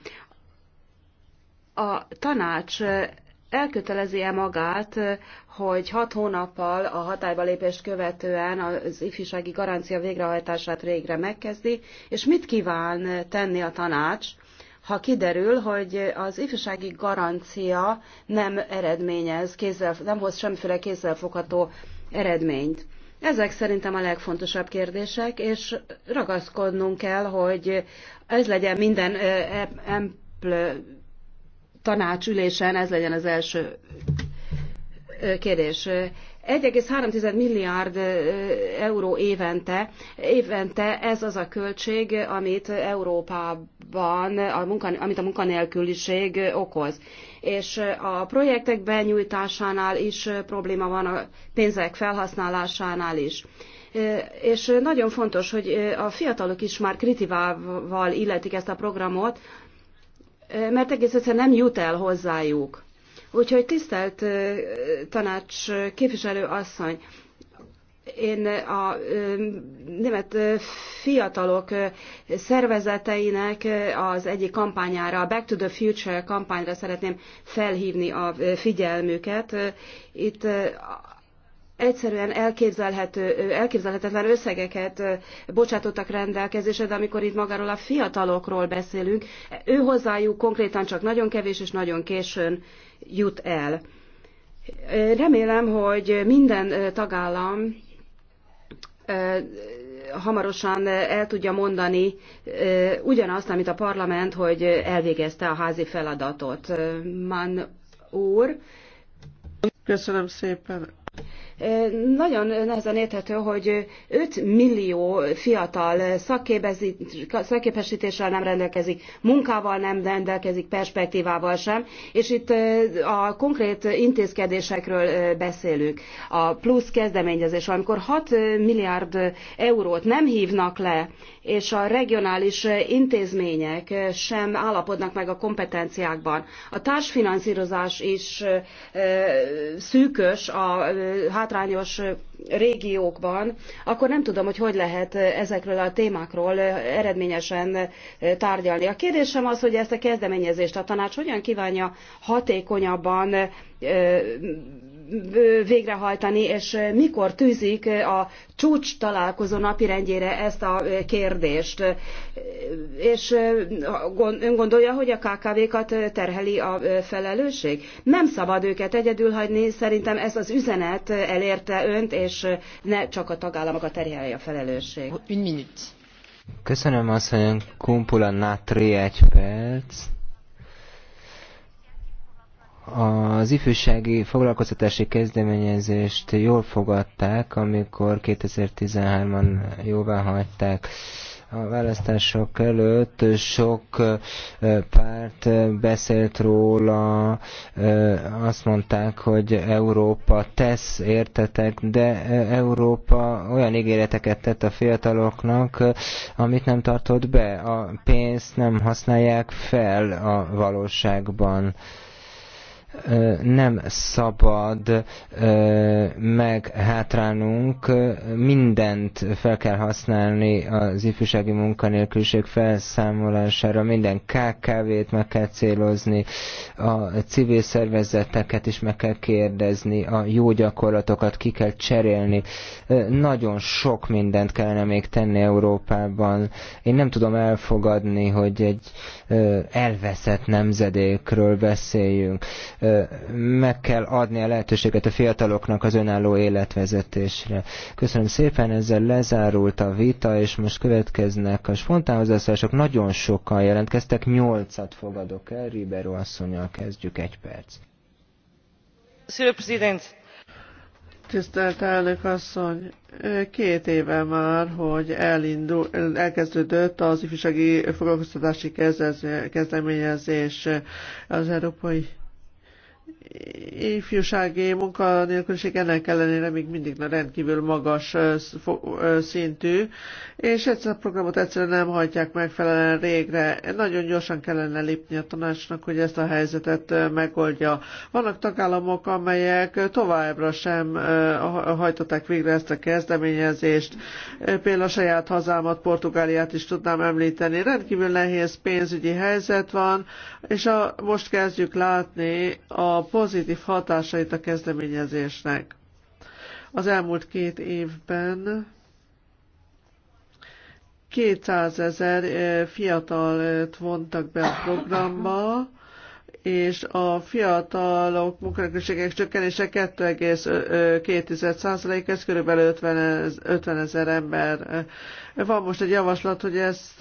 a tanács elkötelezi-e magát, hogy hat hónappal a hatályba lépést követően az ifjúsági garancia végrehajtását régre megkezdi, és mit kíván tenni a tanács, ha kiderül, hogy az ifjúsági garancia nem eredményez, kézzel, nem hoz semmiféle kézzelfogható eredményt. Ezek szerintem a legfontosabb kérdések, és ragaszkodnunk kell, hogy ez legyen minden tanácsülésen ez legyen az első kérdés. 1,3 milliárd euró évente, évente ez az a költség, amit Európában, a munka, amit a munkanélküliség okoz. És a projektek benyújtásánál is probléma van, a pénzek felhasználásánál is. És nagyon fontos, hogy a fiatalok is már kritikával illetik ezt a programot, mert egész egyszerűen nem jut el hozzájuk. Úgyhogy tisztelt tanács képviselő asszony, én a német fiatalok szervezeteinek az egyik kampányára, a Back to the Future kampányra szeretném felhívni a figyelmüket. Itt egyszerűen elképzelhető, elképzelhetetlen összegeket bocsátottak rendelkezésre, de amikor itt magáról a fiatalokról beszélünk, ő hozzájuk konkrétan csak nagyon kevés és nagyon későn jut el. Remélem, hogy minden tagállam hamarosan el tudja mondani ugyanazt, amit a parlament, hogy elvégezte a házi feladatot. Mann úr. Köszönöm szépen, nagyon nehezen érthető, hogy 5 millió fiatal szakképesítéssel nem rendelkezik, munkával nem rendelkezik, perspektívával sem, és itt a konkrét intézkedésekről beszélünk. A plusz kezdeményezés, amikor 6 milliárd eurót nem hívnak le, és a regionális intézmények sem állapodnak meg a kompetenciákban. A társfinanszírozás is szűkös a hátrányos régiókban, akkor nem tudom, hogy hogy lehet ezekről a témákról eredményesen tárgyalni. A kérdésem az, hogy ezt a kezdeményezést a tanács hogyan kívánja hatékonyabban végrehajtani, és mikor tűzik a csúcs találkozó napirendjére ezt a kérdést. És ön gondolja, hogy a KKV-kat terheli a felelősség? Nem szabad őket egyedül hagyni, szerintem ez az üzenet elérte önt, és ne csak a tagállamokat terhelje a felelősség. Köszönöm azt, hogy kumpula nátré egy perc az ifjúsági foglalkoztatási kezdeményezést jól fogadták, amikor 2013-ban jóvá hagyták. A választások előtt sok párt beszélt róla, azt mondták, hogy Európa tesz, értetek, de Európa olyan ígéreteket tett a fiataloknak, amit nem tartott be. A pénzt nem használják fel a valóságban nem szabad meghátrálnunk, mindent fel kell használni az ifjúsági munkanélküliség felszámolására, minden KKV-t meg kell célozni, a civil szervezeteket is meg kell kérdezni, a jó gyakorlatokat ki kell cserélni. Nagyon sok mindent kellene még tenni Európában. Én nem tudom elfogadni, hogy egy elveszett nemzedékről beszéljünk meg kell adni a lehetőséget a fiataloknak az önálló életvezetésre. Köszönöm szépen, ezzel lezárult a vita, és most következnek a spontán hozzászólások. Nagyon sokan jelentkeztek, nyolcat fogadok el. Ribero asszonyjal kezdjük egy perc. Tisztelt elnök asszony, két éve már, hogy elindul, elkezdődött az ifjúsági foglalkoztatási kezdeményezés az Európai ifjúsági munkanélküliség ennek ellenére még mindig rendkívül magas szintű, és ezt a programot egyszerűen nem hajtják megfelelően régre. Nagyon gyorsan kellene lépni a tanácsnak, hogy ezt a helyzetet megoldja. Vannak tagállamok, amelyek továbbra sem hajtották végre ezt a kezdeményezést. Például a saját hazámat, Portugáliát is tudnám említeni. Rendkívül nehéz pénzügyi helyzet van, és a, most kezdjük látni a pozitív hatásait a kezdeményezésnek. Az elmúlt két évben 200 ezer eh, fiatalt vontak be a programba, és a fiatalok munkanélküliségek csökkenése 2,2% ez körülbelül 50, 50 ezer ember. Van most egy javaslat, hogy ezt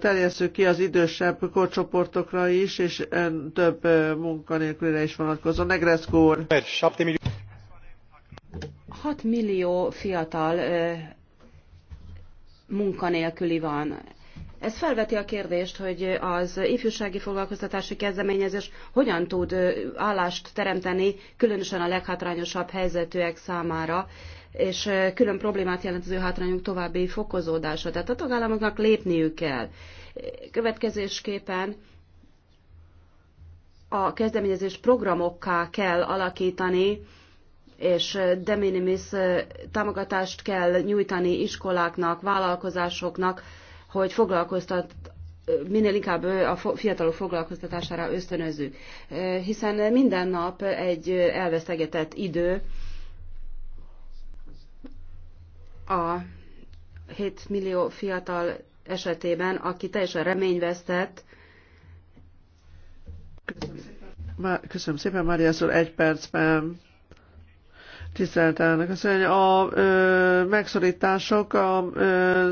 terjesszük ki az idősebb korcsoportokra is, és több munkanélkülire is vonatkozó. Negreszkó úr. 6 millió fiatal munkanélküli van ez felveti a kérdést, hogy az ifjúsági foglalkoztatási kezdeményezés hogyan tud állást teremteni, különösen a leghátrányosabb helyzetűek számára, és külön problémát jelent az ő hátrányunk további fokozódása. Tehát a tagállamoknak lépniük kell. Következésképpen a kezdeményezés programokká kell alakítani, és de minimis támogatást kell nyújtani iskoláknak, vállalkozásoknak, hogy foglalkoztat minél inkább a fiatalok foglalkoztatására ösztönözzük. Hiszen minden nap egy elvesztegetett idő a 7 millió fiatal esetében, aki teljesen reményvesztett. Köszönöm szépen, Mária szóval egy percben. Tisztelt elnök asszony, a ö, megszorítások a ö,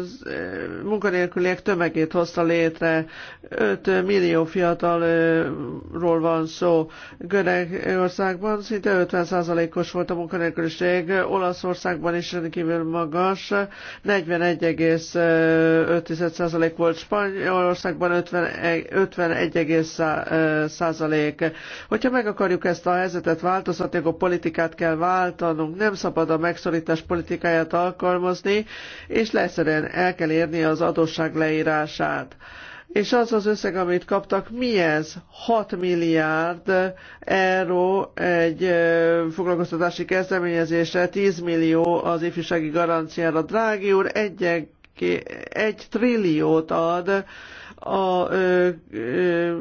munkanélküliek tömegét hozta létre. 5 millió fiatalról van szó. Görögországban szinte 50%-os volt a munkanélküliség, Olaszországban is rendkívül magas, 41,5% volt, Spanyolországban 51,1%. Hogyha meg akarjuk ezt a helyzetet változtatni, akkor politikát kell váltani, tartanunk, nem szabad a megszorítás politikáját alkalmazni, és leszeren el kell érni az adósság leírását. És az az összeg, amit kaptak, mi ez? 6 milliárd euró egy foglalkoztatási kezdeményezésre, 10 millió az ifjúsági garanciára. Drági úr, egy, egy trilliót ad a ö, ö,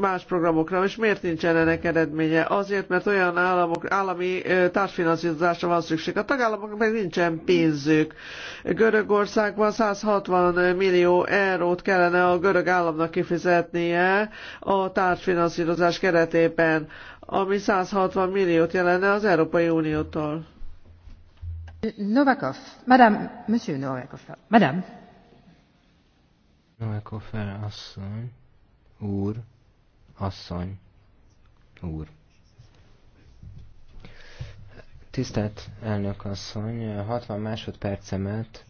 más programokra, és miért nincsen ennek eredménye? Azért, mert olyan államok, állami ö, társfinanszírozásra van szükség. A tagállamoknak meg nincsen pénzük. Görögországban 160 millió eurót kellene a görög államnak kifizetnie a társfinanszírozás keretében, ami 160 milliót jelenne az Európai Uniótól. Novakov, Madame, Monsieur Novakov, Madame fel asszony, úr, asszony, úr. Tisztelt elnök asszony, 60 másodpercemet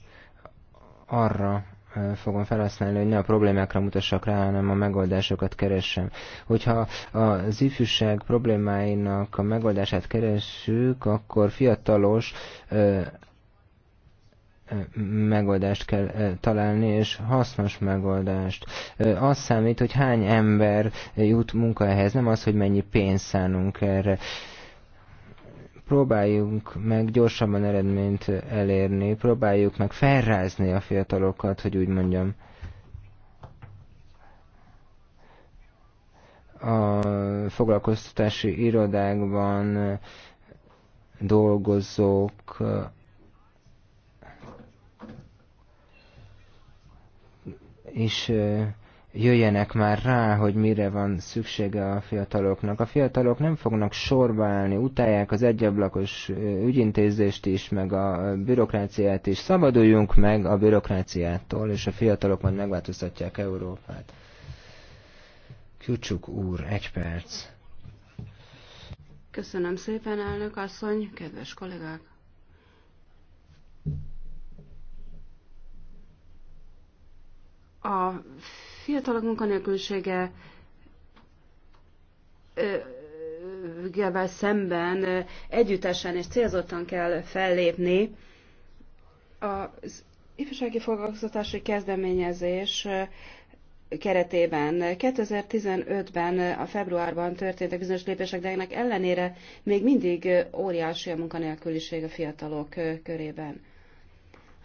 arra eh, fogom felhasználni, hogy ne a problémákra mutassak rá, hanem a megoldásokat keressem. Hogyha az ifjúság problémáinak a megoldását keressük, akkor fiatalos eh, megoldást kell találni, és hasznos megoldást. Az számít, hogy hány ember jut munkahelyhez, nem az, hogy mennyi pénzt szánunk erre próbáljunk meg gyorsabban eredményt elérni, próbáljuk meg felrázni a fiatalokat, hogy úgy mondjam. A foglalkoztatási irodákban dolgozók is jöjjenek már rá, hogy mire van szüksége a fiataloknak. A fiatalok nem fognak sorba állni, utálják az egyablakos ügyintézést is, meg a bürokráciát is. Szabaduljunk meg a bürokráciától, és a fiatalok majd megváltoztatják Európát. Kücsuk úr, egy perc. Köszönöm szépen, elnök asszony, kedves kollégák! A fiatalok munkanélkülsége Gevel szemben együttesen és célzottan kell fellépni. Az ifjúsági foglalkoztatási kezdeményezés keretében 2015-ben a februárban történtek bizonyos lépések, de ennek ellenére még mindig óriási a munkanélküliség a fiatalok körében.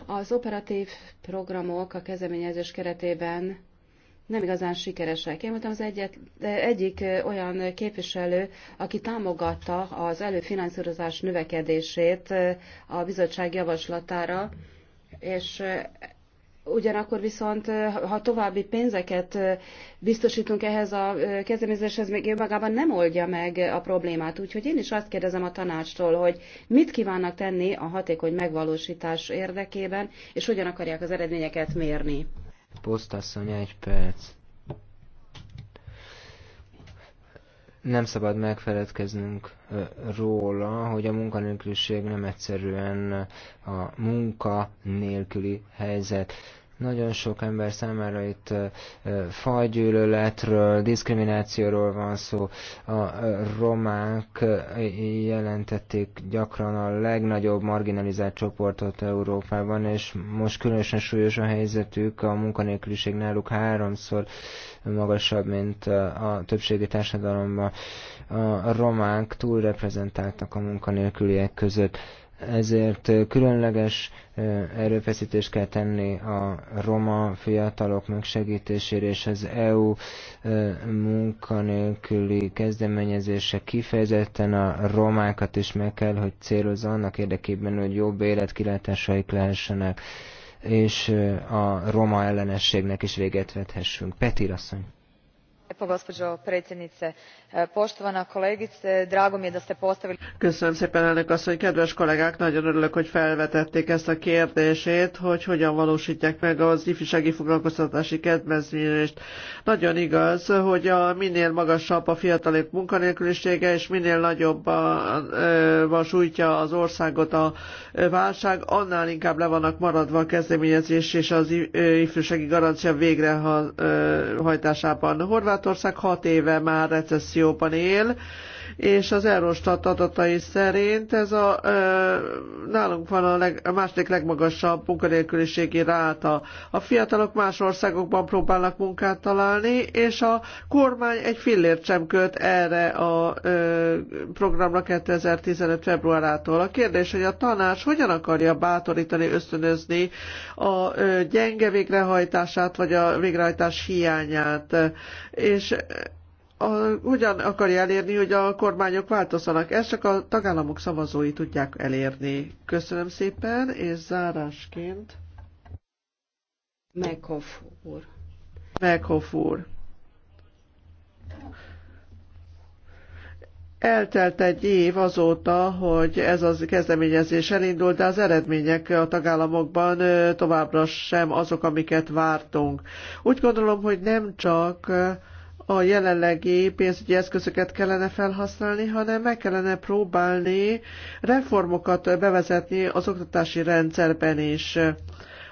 Az operatív programok a kezdeményezés keretében nem igazán sikeresek. Én voltam az egyet, egyik olyan képviselő, aki támogatta az előfinanszírozás növekedését a bizottság javaslatára, és Ugyanakkor viszont, ha további pénzeket biztosítunk ehhez a kezdeményezéshez, még önmagában nem oldja meg a problémát. Úgyhogy én is azt kérdezem a tanácstól, hogy mit kívánnak tenni a hatékony megvalósítás érdekében, és hogyan akarják az eredményeket mérni. Posztasszony, egy perc. nem szabad megfeledkeznünk róla, hogy a munkanélküliség nem egyszerűen a munka nélküli helyzet. Nagyon sok ember számára itt fajgyűlöletről, diszkriminációról van szó. A romák jelentették gyakran a legnagyobb marginalizált csoportot Európában, és most különösen súlyos a helyzetük, a munkanélküliség náluk háromszor magasabb, mint a többségi társadalomban. A romák túlreprezentáltak a munkanélküliek között ezért különleges erőfeszítést kell tenni a roma fiatalok megsegítésére, és az EU munkanélküli kezdeményezése kifejezetten a romákat is meg kell, hogy célozza annak érdekében, hogy jobb életkilátásaik lehessenek, és a roma ellenességnek is véget vethessünk. Petir asszony. E, poštovana kolegice, drago mi je da ste postavili... Köszönöm szépen, elnök asszony. Kedves kollégák, nagyon örülök, hogy felvetették ezt a kérdését, hogy hogyan valóstják meg az ifjúsági foglalkoztatási kedvezményést. Nagyon igaz, hogy a minél magasabb a fiatalok munkanélkülisége, és minél nagyobb a, e, a sújtja az országot a válság, annál inkább le vannak maradva a kezdeményezés és az e, ifjúsági garancia végrehajtásában. Horvátország hat éve már recesszió definícióban él, és az Eurostat adatai szerint ez a nálunk van a, leg, a második legmagasabb munkanélküliségi ráta. A fiatalok más országokban próbálnak munkát találni, és a kormány egy fillért sem költ erre a programra 2015. februárától. A kérdés, hogy a tanács hogyan akarja bátorítani, ösztönözni a gyenge végrehajtását, vagy a végrehajtás hiányát. És a, hogyan akarja elérni, hogy a kormányok változzanak. Ezt csak a tagállamok szavazói tudják elérni. Köszönöm szépen, és zárásként... Meghoff úr. Meghoff úr. Eltelt egy év azóta, hogy ez az kezdeményezés elindult, de az eredmények a tagállamokban továbbra sem azok, amiket vártunk. Úgy gondolom, hogy nem csak a jelenlegi pénzügyi eszközöket kellene felhasználni, hanem meg kellene próbálni reformokat bevezetni az oktatási rendszerben is.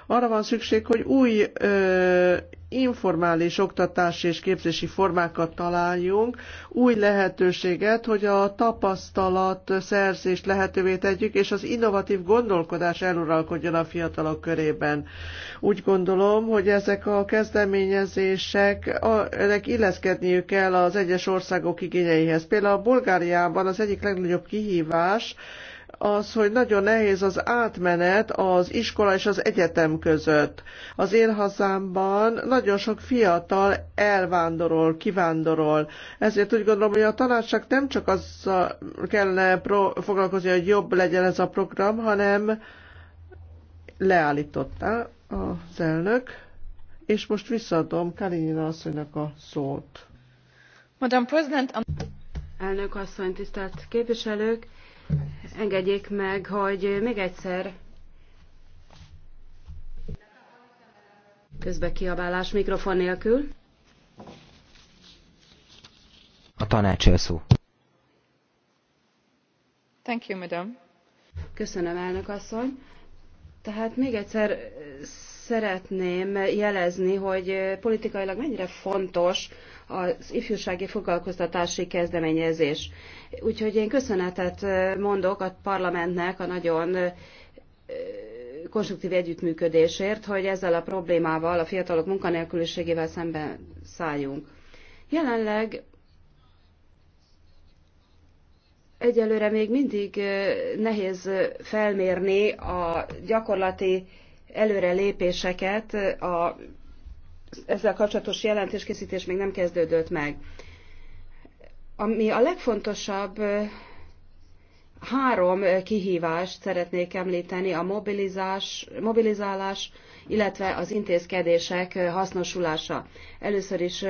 Arra van szükség, hogy új ö, informális oktatási és képzési formákat találjunk, új lehetőséget, hogy a tapasztalat szerzést lehetővé tegyük, és az innovatív gondolkodás eluralkodjon a fiatalok körében. Úgy gondolom, hogy ezek a kezdeményezések, ennek illeszkedniük kell az egyes országok igényeihez. Például a Bulgáriában az egyik legnagyobb kihívás, az, hogy nagyon nehéz az átmenet az iskola és az egyetem között. Az én hazámban nagyon sok fiatal elvándorol, kivándorol. Ezért úgy gondolom, hogy a tanácsnak nem csak az kellene foglalkozni, hogy jobb legyen ez a program, hanem leállította az elnök, és most visszaadom Kalinina asszonynak a szót. Madam President, elnök asszony, tisztelt képviselők! Engedjék meg, hogy még egyszer közbe kiabálás mikrofon nélkül. A tanácsél szó. Thank you, madam. Köszönöm, elnök asszony. Tehát még egyszer szeretném jelezni, hogy politikailag mennyire fontos az ifjúsági foglalkoztatási kezdeményezés. Úgyhogy én köszönetet mondok a parlamentnek a nagyon konstruktív együttműködésért, hogy ezzel a problémával, a fiatalok munkanélküliségével szemben szálljunk. Jelenleg egyelőre még mindig nehéz felmérni a gyakorlati előre lépéseket a, ezzel kapcsolatos jelentéskészítés még nem kezdődött meg. Ami a legfontosabb, három kihívást szeretnék említeni, a mobilizás, mobilizálás, illetve az intézkedések hasznosulása. Először is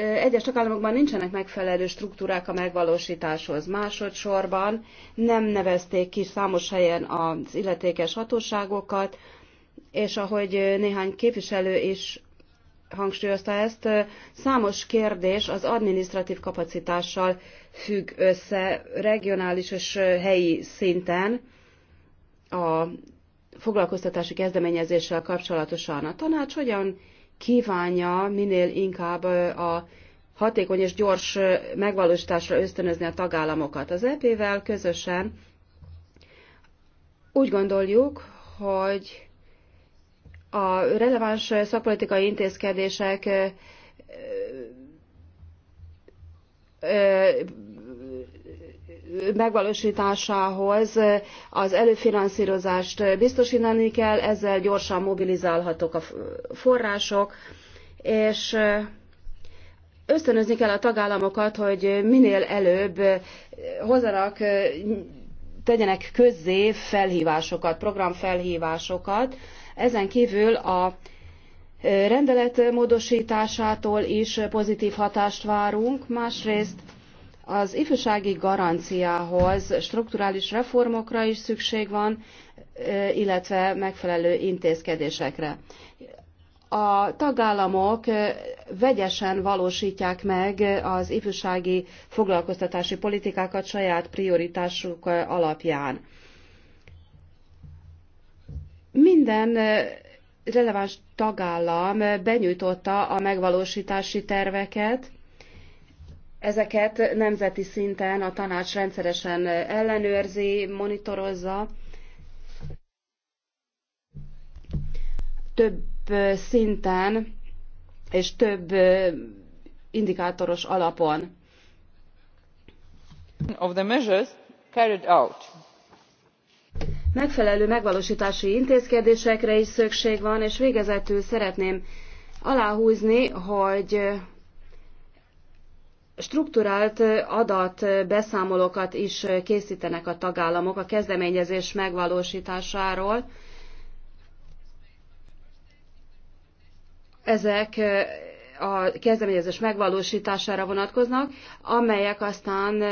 egyes tagállamokban nincsenek megfelelő struktúrák a megvalósításhoz. Másodszorban nem nevezték ki számos helyen az illetékes hatóságokat, és ahogy néhány képviselő is hangsúlyozta ezt, számos kérdés az adminisztratív kapacitással függ össze regionális és helyi szinten a foglalkoztatási kezdeményezéssel kapcsolatosan. A tanács hogyan kívánja minél inkább a hatékony és gyors megvalósításra ösztönözni a tagállamokat. Az EP-vel közösen úgy gondoljuk, hogy a releváns szakpolitikai intézkedések megvalósításához az előfinanszírozást biztosítani kell, ezzel gyorsan mobilizálhatók a források, és ösztönözni kell a tagállamokat, hogy minél előbb hozzanak, tegyenek közzé felhívásokat, programfelhívásokat. Ezen kívül a rendelet módosításától is pozitív hatást várunk, másrészt az ifjúsági garanciához strukturális reformokra is szükség van, illetve megfelelő intézkedésekre. A tagállamok vegyesen valósítják meg az ifjúsági foglalkoztatási politikákat saját prioritásuk alapján. Minden releváns tagállam benyújtotta a megvalósítási terveket, Ezeket nemzeti szinten a tanács rendszeresen ellenőrzi, monitorozza. Több szinten és több indikátoros alapon. Of the measures carried out. Megfelelő megvalósítási intézkedésekre is szükség van, és végezetül szeretném aláhúzni, hogy strukturált adatbeszámolókat is készítenek a tagállamok a kezdeményezés megvalósításáról. Ezek a kezdeményezés megvalósítására vonatkoznak, amelyek aztán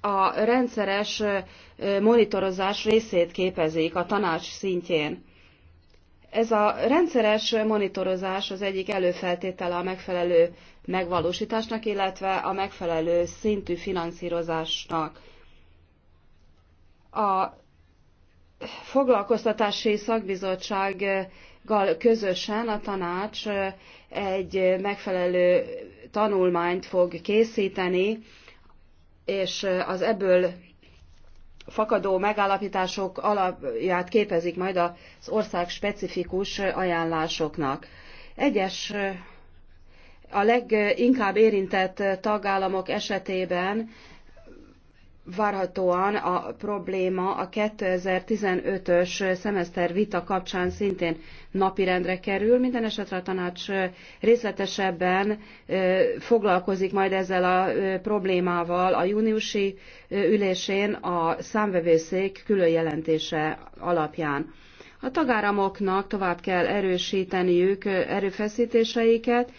a rendszeres monitorozás részét képezik a tanács szintjén. Ez a rendszeres monitorozás az egyik előfeltétele a megfelelő megvalósításnak, illetve a megfelelő szintű finanszírozásnak. A foglalkoztatási szakbizottsággal közösen a tanács egy megfelelő tanulmányt fog készíteni, és az ebből fakadó megállapítások alapját képezik majd az ország specifikus ajánlásoknak. Egyes a leginkább érintett tagállamok esetében várhatóan a probléma a 2015-ös szemeszter vita kapcsán szintén napirendre kerül. Minden esetre a tanács részletesebben foglalkozik majd ezzel a problémával a júniusi ülésén a számvevőszék külön jelentése alapján. A tagállamoknak tovább kell erősíteniük erőfeszítéseiket,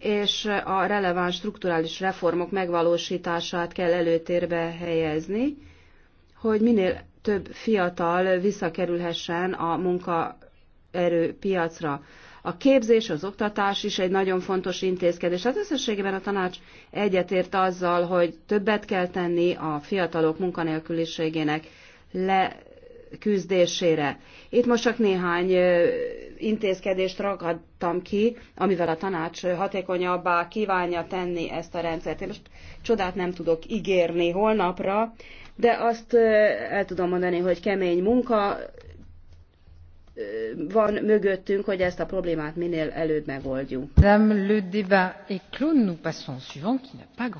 és a releváns strukturális reformok megvalósítását kell előtérbe helyezni, hogy minél több fiatal visszakerülhessen a munkaerő piacra. A képzés, az oktatás is egy nagyon fontos intézkedés. Az hát összességében a tanács egyetért azzal, hogy többet kell tenni a fiatalok munkanélküliségének leküzdésére. Itt most csak néhány intézkedést ragadtam ki, amivel a tanács hatékonyabbá kívánja tenni ezt a rendszert. Én most csodát nem tudok ígérni holnapra, de azt el tudom mondani, hogy kemény munka van mögöttünk, hogy ezt a problémát minél előbb megoldjuk.